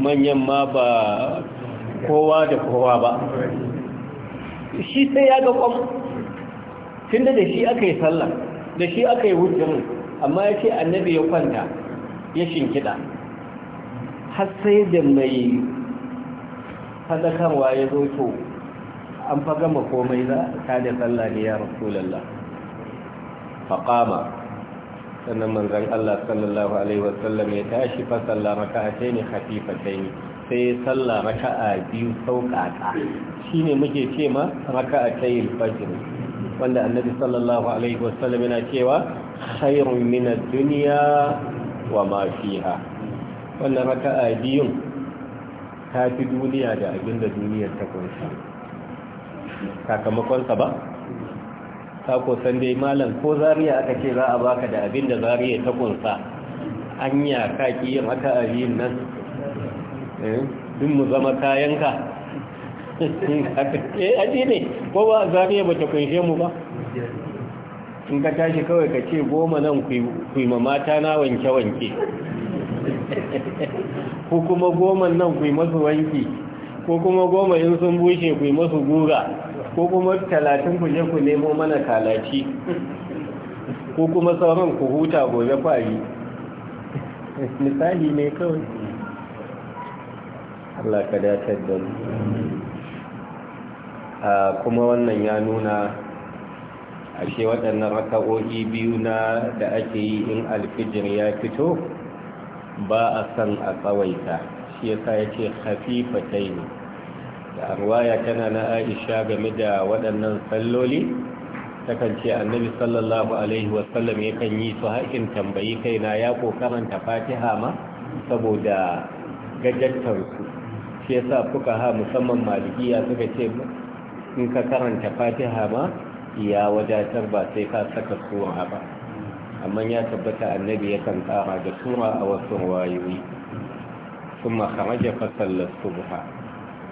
manyan ma ba kowa da kowa ba shi sai ya ga kwam tun da shi aka yi sallah da shi aka yi wujin amma ya ce annabi ya kwanta ya shinkida har sai da mai fadakarwa ya zo to an fa gama komai za ta da sallah ne ya rasulallah faƙama sannan manzan Allah sallallahu Alaihi wasallam ya tashi fasalla maka a ne hafifatai ne sai sallah raka'a biyu sauƙaƙa shine muke ce ma raka'a tayyil fajr wanda annabi sallallahu alaihi wasallam yana cewa khairun min ad-dunya wa ma fiha wannan raka'a biyun ta fi duniya da abinda duniyar ta kunsa sakamakon sa ba ta san dai malam ko zariya aka ce za a baka da abinda zariya ta kunsa anya ka ki yin raka'a biyun nan Eh, duk mu zama kayanka eh aji ne ko ba zariya ba ta kunshe mu ba in ka tashi kawai ka ce goma nan kuima mata na wanke-wanke ko kuma goma nan kuima masu wanki ko kuma goma in sun bushe kuima masu guga ko kuma talatin ku je ku nemo mana kalaci ko kuma sauran ku huta gobe kwari misali ne kawai Allah ka datar da mu kuma wannan ya nuna ashe waɗannan raka'o'i biyu na da ake yi in alfijir ya fito ba a san a tsawaita shi yasa ya ce hafifatai ne da arwaya tana na aisha game da waɗannan salloli takan ce annabi sallallahu alaihi wasallam kan yi su haƙin tambayi kaina ya ƙoƙaranta fatiha ma saboda gajartarsu shi yasa fuka ha musamman malikiya suka ce in ka karanta fatiha ma ya wadatar ba sai ka saka sura ba amma ya tabbata annabi yakan kara da sura a wasu wayoyi sun makarajar fasallar subha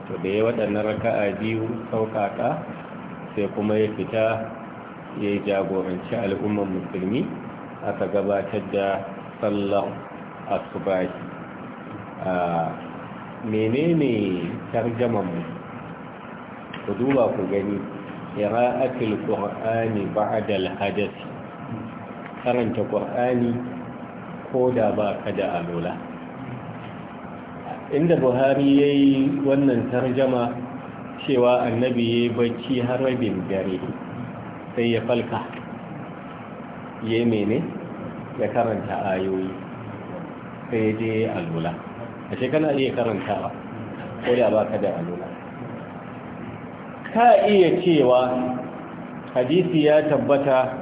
to da ya waɗannan a biyu sauƙaƙa sai kuma ya fita ya yi jagoranci al'ummar musulmi aka gabatar da sallar asubahi ah, menene tarjaman mu ku duba ku gani qira'atul qur'ani ba'da al-hadath karanta qur'ani ko da ba ka da alola inda buhari yayi wannan tarjama cewa annabi yayi bacci har rabin dare sai ya falka yayi mene ya karanta ayoyi sai dai alola a kana iya karantawa ko da ba ka da alula ka iya cewa hadisi ya tabbata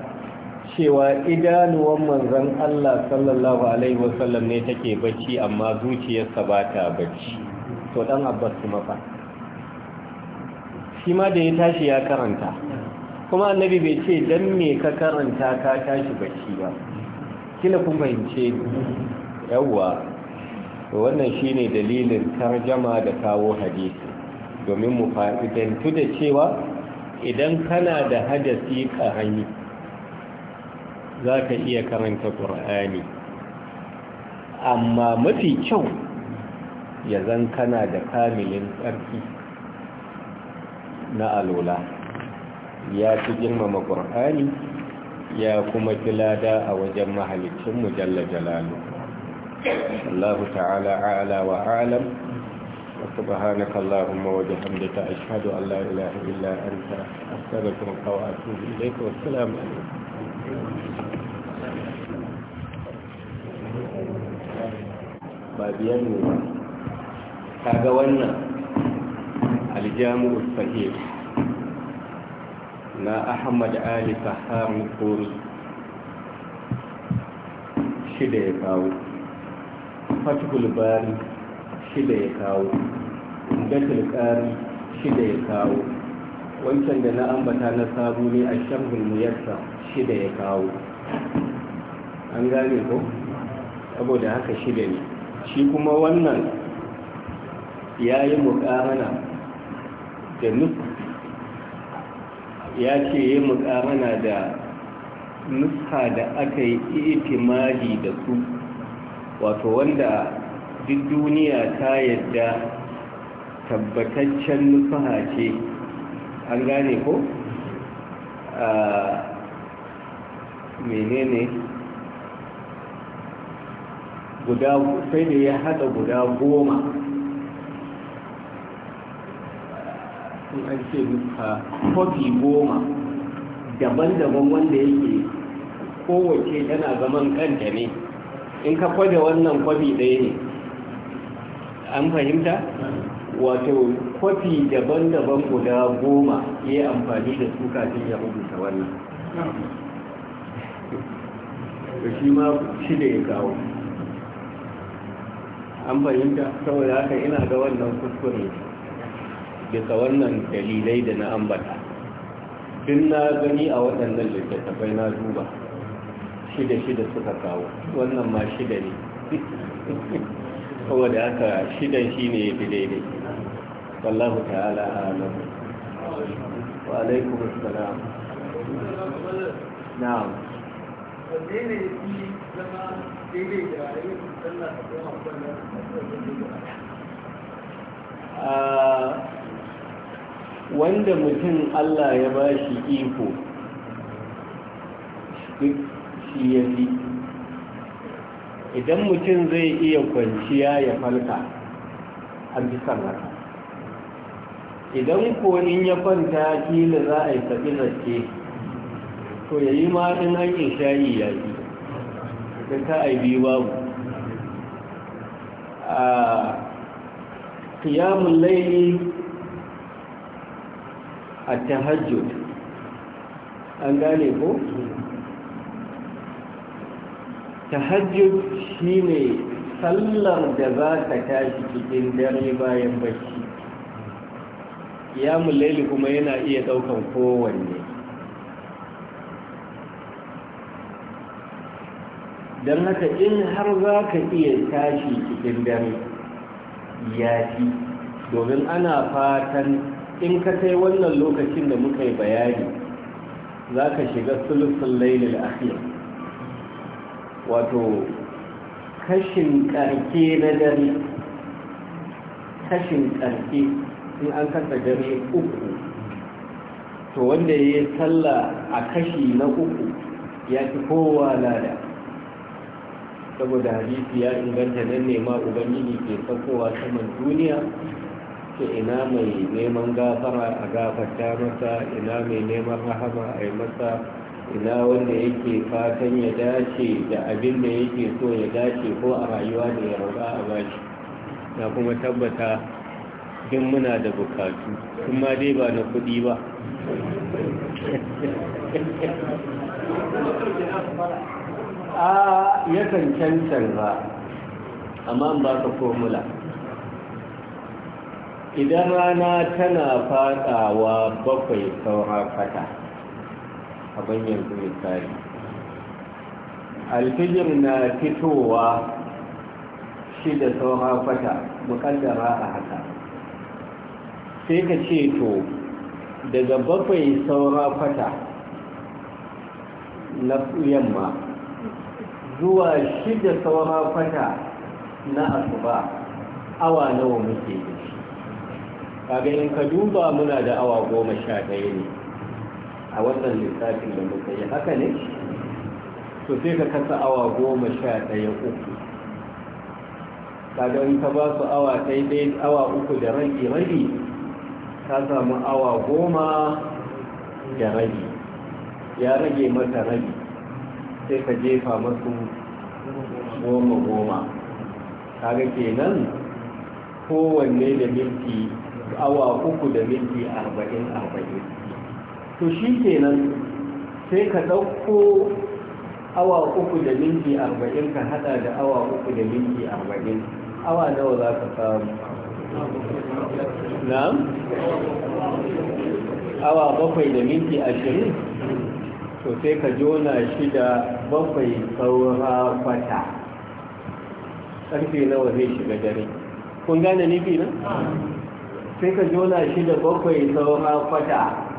cewa idanuwan manzan Allah sallallahu Alaihi wasallam ne take bacci amma zuciyarsa ba ta bacci to dan abbas kuma fa shi ma da ya tashi ya karanta kuma annabi bai ce dan me ka karanta ka tashi bacci ba kila kun fahimce yawwa to wannan shine dalilin tarjama da kawo hadisi domin mu fa'idantu da cewa idan kana da hadisi karami za iya karanta ƙur'ani amma mafi kyau ya zan kana da kamilin tsarki na alola ya fi girmama ƙur'ani ya kuma fi a wajen mahalicin mujallar jalalu الله تعالى أعلى وأعلم وسبحانك اللهم وبحمدك أشهد أن لا إله إلا أنت أستغفرك وأتوب إليك والسلام عليكم بعدين هذا aljamu'ul الجامع na Ahmad احمد Sahar فهام shida ya kawo fatihul bari shida ya kawo ingatul ƙari shida ya kawo wancan da na ambata na sabu ne a shambul muyassa shida ya kawo an gane ko saboda haka shida ne shi kuma wannan ya yi mukamana da nuk ya ce ya yi mukamana da nuska da aka yi itimali da su wato wanda duk duniya ta yadda tabbataccen nufaha ce an gane ko a menene guda sai da ya hada guda goma sun an ce nufa kofi goma daban-daban wanda yake kowace yana zaman kanta ne in ka kwabe wannan kwabi ɗaya ne an fahimta wato kwafi daban-daban guda goma ya amfani da su kafin ya rubuta wannan da shi ma shida ya kawo an fahimta saboda haka ina ga wannan kuskure bisa wannan dalilai da na ambata tun na gani a waɗannan littattafai na duba shida shida suka kawo wannan ma shida ne saboda aka shidan shi ne ya fi daidai wallahu ta'ala alamu wa alaikum assalam na'am ah, wanda mutum Allah ya ba shi iko shi idan mutum zai iya kwanciya ya falka an fi san haka idan ya kwanta kila za a yi tafi zarce to ya yi ma in shayi ya yi da ka a biyu babu a kiyamun laili a tahajjud an gane ko tahajjud shine sallar da za ta tashi cikin dare bayan bacci ya mulaili kuma yana iya daukan kowanne don haka in har za ka iya tashi cikin dare ya fi domin ana fatan in ka kai wannan lokacin da muka yi bayani za ka shiga sulusun lailil akhir wato kashin karke na dare kashin karke in an kasa dare uku to wanda ya yi a kashi na uku ya fi kowa lada saboda hadisi ya inganta nan nema ubangiji ke saukowa saman duniya ke ina mai neman gafara a gafarta masa ina mai neman rahama a yi masa ina wanda yake fatan ya dace da abin da yake so ya dace ko a rayuwa da ya roƙa a bashi na kuma tabbata din muna da bukatu ma dai ba na kuɗi ba a yakan ba, amma ba ka formula idan rana tana fadawa bakwai saura fata abin yanzu misali alfijir na fitowa shi da sauran fata mukaddara a haka sai ka ce to daga bakwai saura fata na yamma zuwa shida saura fata na asuba awa nawa muke da shi kaga in ka duba muna da awa goma sha ɗaya ne a wannan lissafin da muka yi haka ne to sai ka kasa awa goma sha ɗaya uku kaga ka ba su awa ɗaiɗai awa uku da ragi ragi ka samu awa goma da rage ya rage mata ragi sai ka jefa masu goma goma kaga kenan kowanne da minti awa uku da minti arba'in arba'in to shi kenan sai ka ɗauko awa uku da minti arba'in ka hada da awa uku da minti arba'in awa nawa za ka samu na? awa bakwai da minti ashirin to sai ka jona shi da bakwai saura kwata ƙarfe nawa zai shiga dare kun gane nufi na? sai ka jona shi da bakwai saura kwata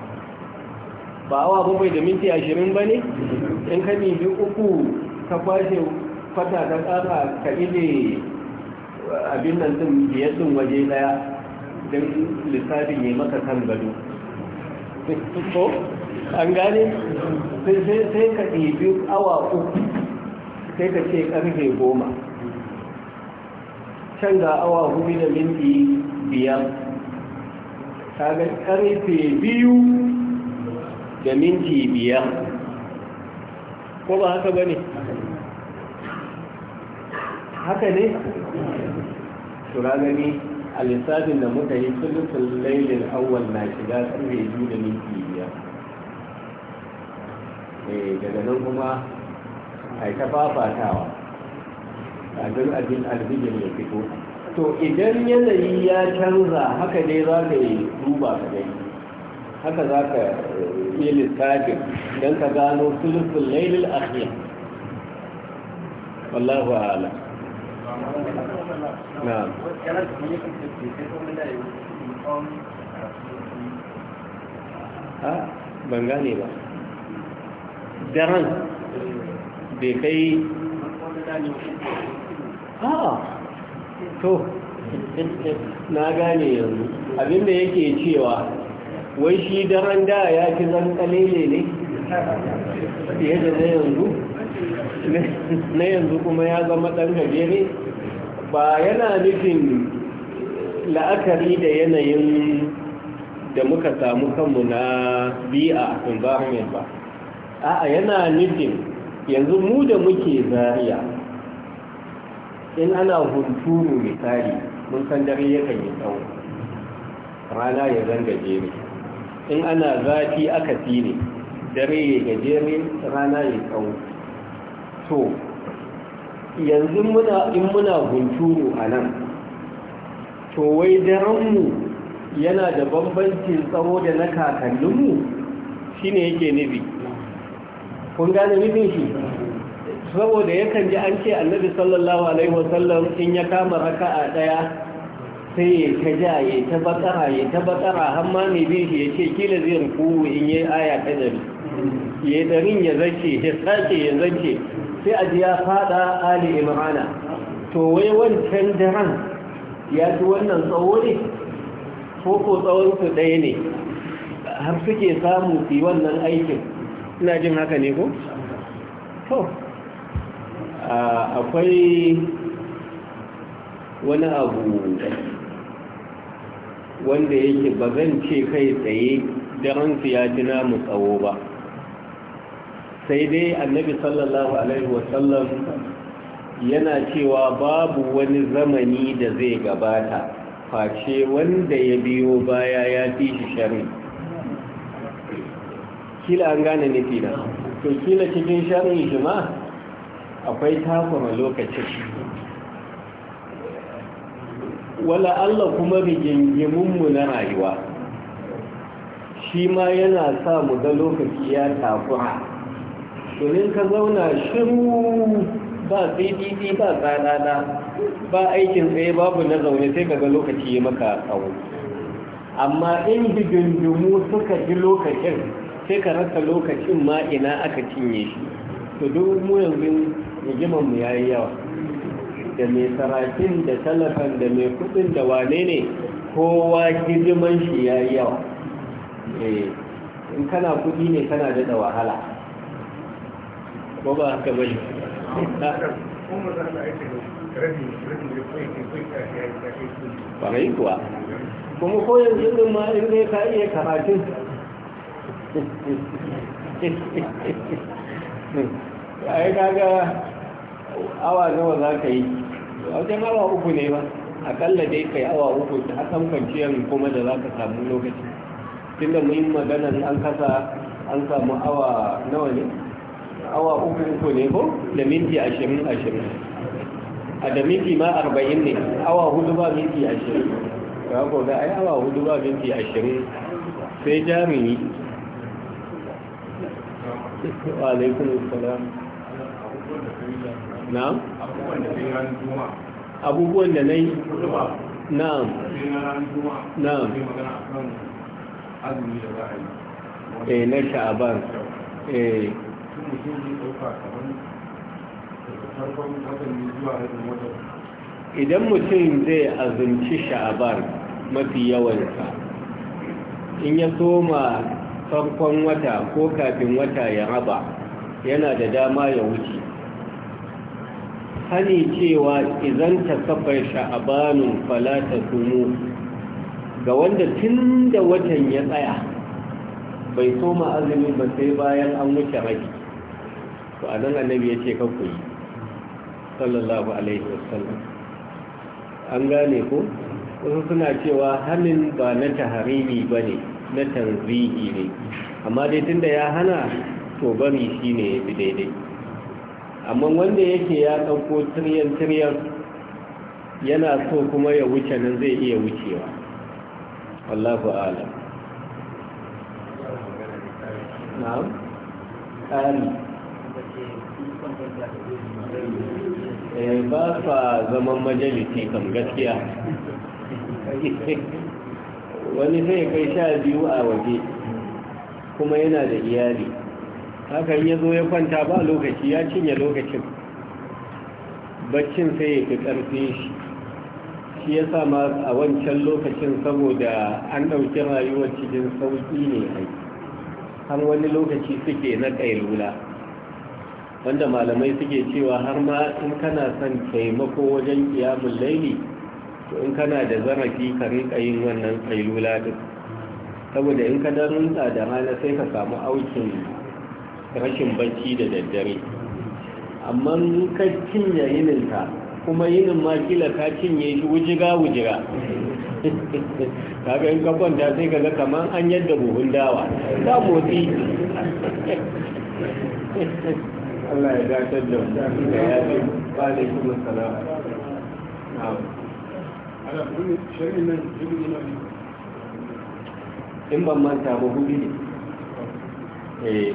ba awa bakwai da minti ashirin ba ne in ka nemi uku ka kwashe fata ta ƙasa ka ile abin nan din biyar din waje daya don lissafin ya maka kan gado ko an gane sai ka ɗebi awa uku sai ka ce ƙarfe goma can ga awa hudu da minti biyar ta ga ƙarfe biyu da minti biyar ko ba haka ba ne haka ne turagani a lissafin da muka yi sulutun lailin awal na shiga karfe biyu da minti biyar eh, daga nan kuma a ta fafatawa kafin abin alfijir ya fito to idan yanayi ya canza haka dai za ka yi duba ka dai haka za ka eh, yi lissafin don ka gano sulusun lailil akhiyar wallahu ala na ban gane ba daren bai kai a to na gane yanzu abinda yake cewa wai shi daren da ya fi zankalele ne fiye da na yanzu na yanzu kuma ya zama ɗan gajere ba yana nufin la'akari da yanayin da muka samu kanmu na bi'a in ba a'a yana nufin yanzu mu da muke zariya in ana hunturu misali mun san dare yakan yi tsawo rana ya zanga jere in ana zafi aka ne dare ya gajere rana ya tsawo to yanzu in muna hunturu a nan to wai daranmu yana da bambancin tsawo da na kakanninmu shi ne yake nufi kun gane nufin shi saboda yakan ji an ce annabi sallallahu alaihi wasallam in ya kama raka'a daya sai ya ta ya ta ya ta bakara har ma mai bin shi ya ce kila zai ruku in yi aya ta dari ya darin ya zance, ya sace ya zance. sai aji ya fada ali imrana to wai wancan daren ya ci wannan tsawo ne ko ko tsawon su ɗaya ne har suke samu fi wannan aikin ina jin haka ne ko to akwai wani abu wanda yake ba zan ce kai tsaye daren su ya ji namu tsawo ba sai dai annabi sallallahu alaihi wasallam yana cewa babu wani zamani da zai gabata face wanda ya biyo baya ya fi shi shari kila an gane nufi na to kila cikin shari'i shi ma akwai takwa lokacin wala Allah kuma rigingiminmu na rayuwa shi ma yana sa mu ga lokaci ya takura domin ka zauna shiru ba cdd ba tsanana ba aikin tsaye babu na zaune sai ka ga lokaci ya maka tsawo amma in rigingimu suka ji lokacin sai ka rasa lokacin ma ina aka cinye shi to duk mu yanzu rigimanmu ya yi yawa da mai sarakin da talakan da mai kudin da wane ne kowa hidiman shi ya yi yawa eh, in kana kudi ne kana daɗa wahala ko ba haka ba shi? ne yi kuwa kuma koyon jirgin ma in zai ka iya karatun a yi kaga awa nawa za ka yi a wajen awa uku ne ba akalla dai kai awa uku ta hakan kwanciyar kuma da za ka samu lokaci tun da muhim maganar an kasa an samu awa nawa ne awa uku uku ne ko da minti ashirin ashirin a da minti ma arba'in ne awa hudu ba minti ashirin ga ko ga ai awa hudu ba minti ashirin sai jami'i wa alaikun salam na'am abubuwan da na yi eh, eh. Eh. idan mutum zai azumci sha'abar mafi yawansa in ya soma farkon wata ko kafin wata ya raba yana da dama ya wuce hani cewa idan ta kafa sha'abanun falata sumu ga wanda tun da watan ya tsaya bai soma azumi ba sai bayan an wuce rai to a nan annabi ya ce kakku yi sallallahu alaihi wasallam an gane ko wasu suna cewa hannun ba na taharimi ba ne na tanzihi ne amma dai tun da ya hana to bari shi ne ya daidai amma wanda yake ya ɗauko tiryan tiryan yana so kuma ya wuce nan zai iya wucewa wallahu alam na'am ƙari eh, ba sa zaman majalisi kan gaskiya wani zai kai sha biyu a waje kuma yana da iyali haka ya zo ya kwanta ba lokaci ya cinye lokacin baccin sai ya fi ƙarfe shi shi ya sama a wancan lokacin saboda an ɗauki rayuwar cikin sauƙi ne ai har wani lokaci suke na ƙailula wanda malamai suke cewa har ma in kana son taimako wajen ƙiyamun laili to in kana da zarafi ka rinka yin wannan ƙailula din saboda in ka dan da rana sai ka samu aukin rashin bacci da daddare amma ka cinye yininka kuma yinin ma kila ka cinye shi wujiga wujiga kaga in ka kwanta sai ka ga kamar an yadda buhun dawa ta motsi Allah ya datar da mu da ya ce ba da shi masala in ban manta ba hudu ne eh.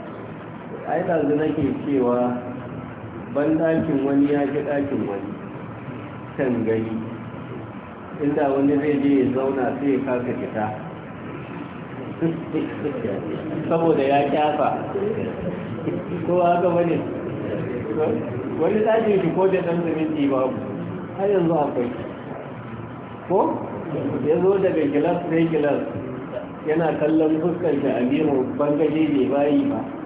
ai ɗazu nake cewa ban ɗakin wani ya ji ɗakin wani kan gani inda wani zai je ya zauna sai ya kasa fita saboda ya kyafa ko haka wani wani ɗakin shi ko da ɗan zuminti babu har yanzu akwai ko ya zo daga gilas sai gilas yana kallon fuskar da amiru bangaje bai bayi ba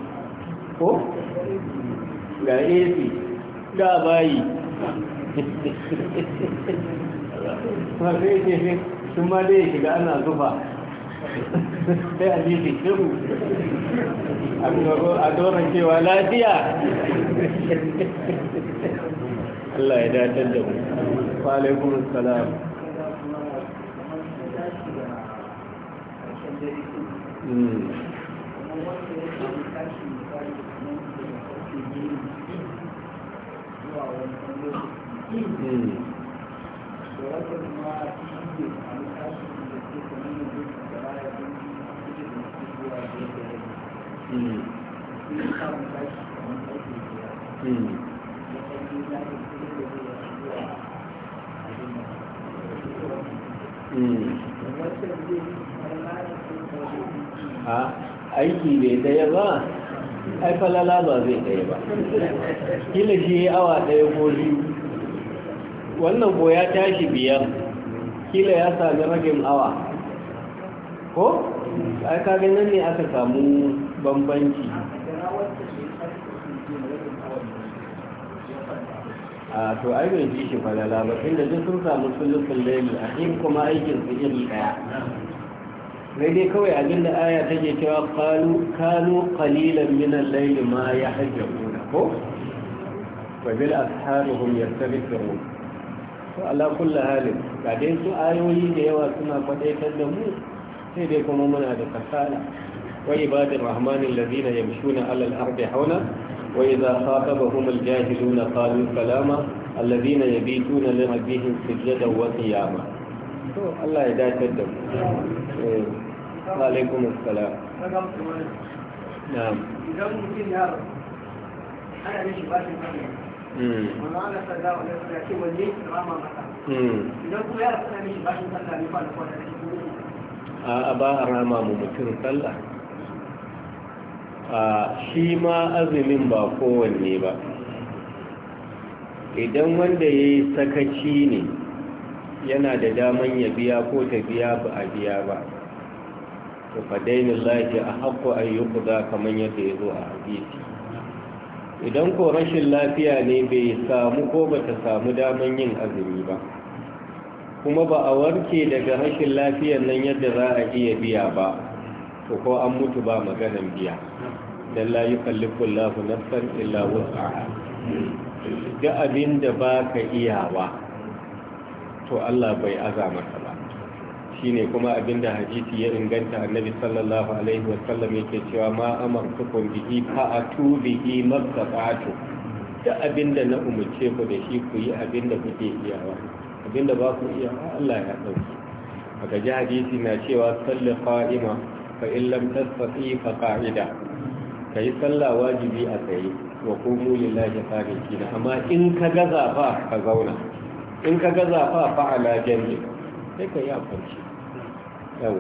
ko ga ac ga bayi masu yake ne sun ma shiga ana zufa sai a jiki shiru a doron cewa lafiya Allah ya datar da mu salam Mm. aiki bai daya ba ai falala ba zai ɗaya ba kila shi awa ɗaya ko biyu wannan ko ya tashi biyar kila ya sami ragin awa ko ai kaga nan ne aka samu bambanci a to ai bai ji shi falala ba inda duk sun samu sulufin laili a kuma aikin su iri ɗaya sai dai kawai abin da ta ke cewa kalu kalilan minan min ma ya ma yahjabuna ko wa bil asharihum yastabirun to ala kulli halin ga dai su ayoyi da yawa suna fadaitar da mu sai dai kuma muna da kasala wa ibadir rahmanin ladina yamshuna ala al-ardi hauna wa idza khatabahum al-jahiluna qalu salama alladhina yabituna li rabbihim sujadan wasu qiyama to Allah ya dace da mu eh alaikum assalam na'am idan mutum ya ana ne shi ba shi a ba a rama mu mutum sallah a shi ma azumin ba kowanne ba idan wanda ya yi sakaci ne yana da daman ya biya ko ta biya ba a biya ba to fadainin lafi a haƙo ayyuku za kamar yadda ya zo a hadisi idan ko rashin lafiya ne bai samu ko ba ta samu daman yin azumi ba kuma ba a warke daga rashin lafiyar nan yadda za a iya biya ba to ko an mutu ba maganan biya dan la yi kallifin lafi nafsan illa wasu duk abin da ba ka iyawa to Allah bai azama masa ba Shi ne kuma abinda hadisi ya inganta annabi sallallahu alaihi wasallam yake cewa ma tukun bihi fa atu bihi mastata'tu da abinda na umurce ku da shi ku yi abinda kuke iyawa abinda ba ku iyawa Allah ya dauki aka ji hadisi na cewa salli qa'ima fa in lam tastati fa qa'ida kai sallah wajibi a tsaye wa qumu lillahi qanitina amma in ka gaza fa ka zauna in ka gaza fa ala jami sai ka yi amfanci yau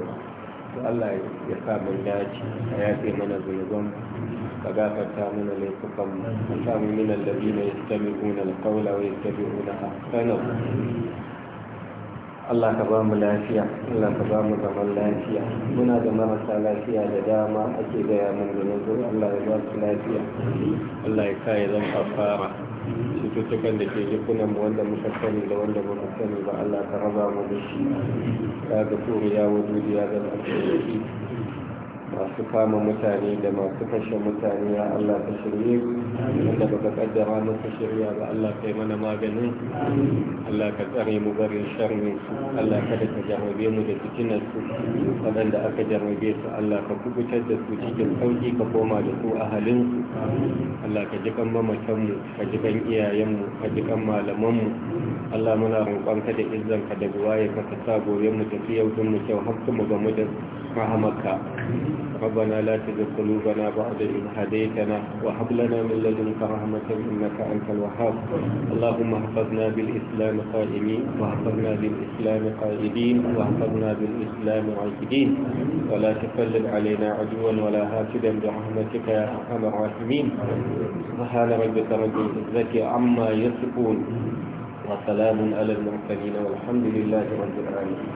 to Allah ya sa mun dace a yafe mana zunuban ka gafarta mana laifukan mu ka sa mu min alladhina yastami'una alqawla wa yattabi'una ahsanahu Allah ka ba mu lafiya Allah ka ba mu zaman lafiya muna da marasa lafiya da dama ake gaya mun da yanzu Allah ya ba su lafiya Allah ya kai zan fara cututtukan da ke jikunan mu wanda muka sani da wanda ba mu sani ba Allah ka raba mu da shi ya ga tsoro ya wujudu ya ga masu kama mutane da masu kashe mutane ya Allah ka shirye wanda baka kaddara muku shirya ba Allah kai mana maganin Allah ka tsare mu bari sharrin su Allah kada ka jarrabe mu da fitinar su waɗanda aka jarrabe su Allah ka kubutar da su cikin sauki ka koma da su ahalin su Allah ka ji kan mamakan mu ka ji kan iyayen mu ka ji kan malaman mu Allah muna roƙon ka da izzan ka da duwaye ka ka sa goyen mu tafi yau, tafiyar mu kyau har mu ga mu da rahamarka ربنا لا تزغ قلوبنا بعد إذ هديتنا وهب لنا من لدنك رحمة إنك أنت الوهاب اللهم احفظنا بالإسلام قائمين واحفظنا بالإسلام قائدين واحفظنا بالإسلام عاكدين ولا تسلل علينا عدوا ولا هاكدا برحمتك يا أرحم الراحمين سبحان ربك رب العزة عما يصفون وسلام على المرسلين والحمد لله رب العالمين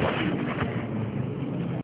Thank you.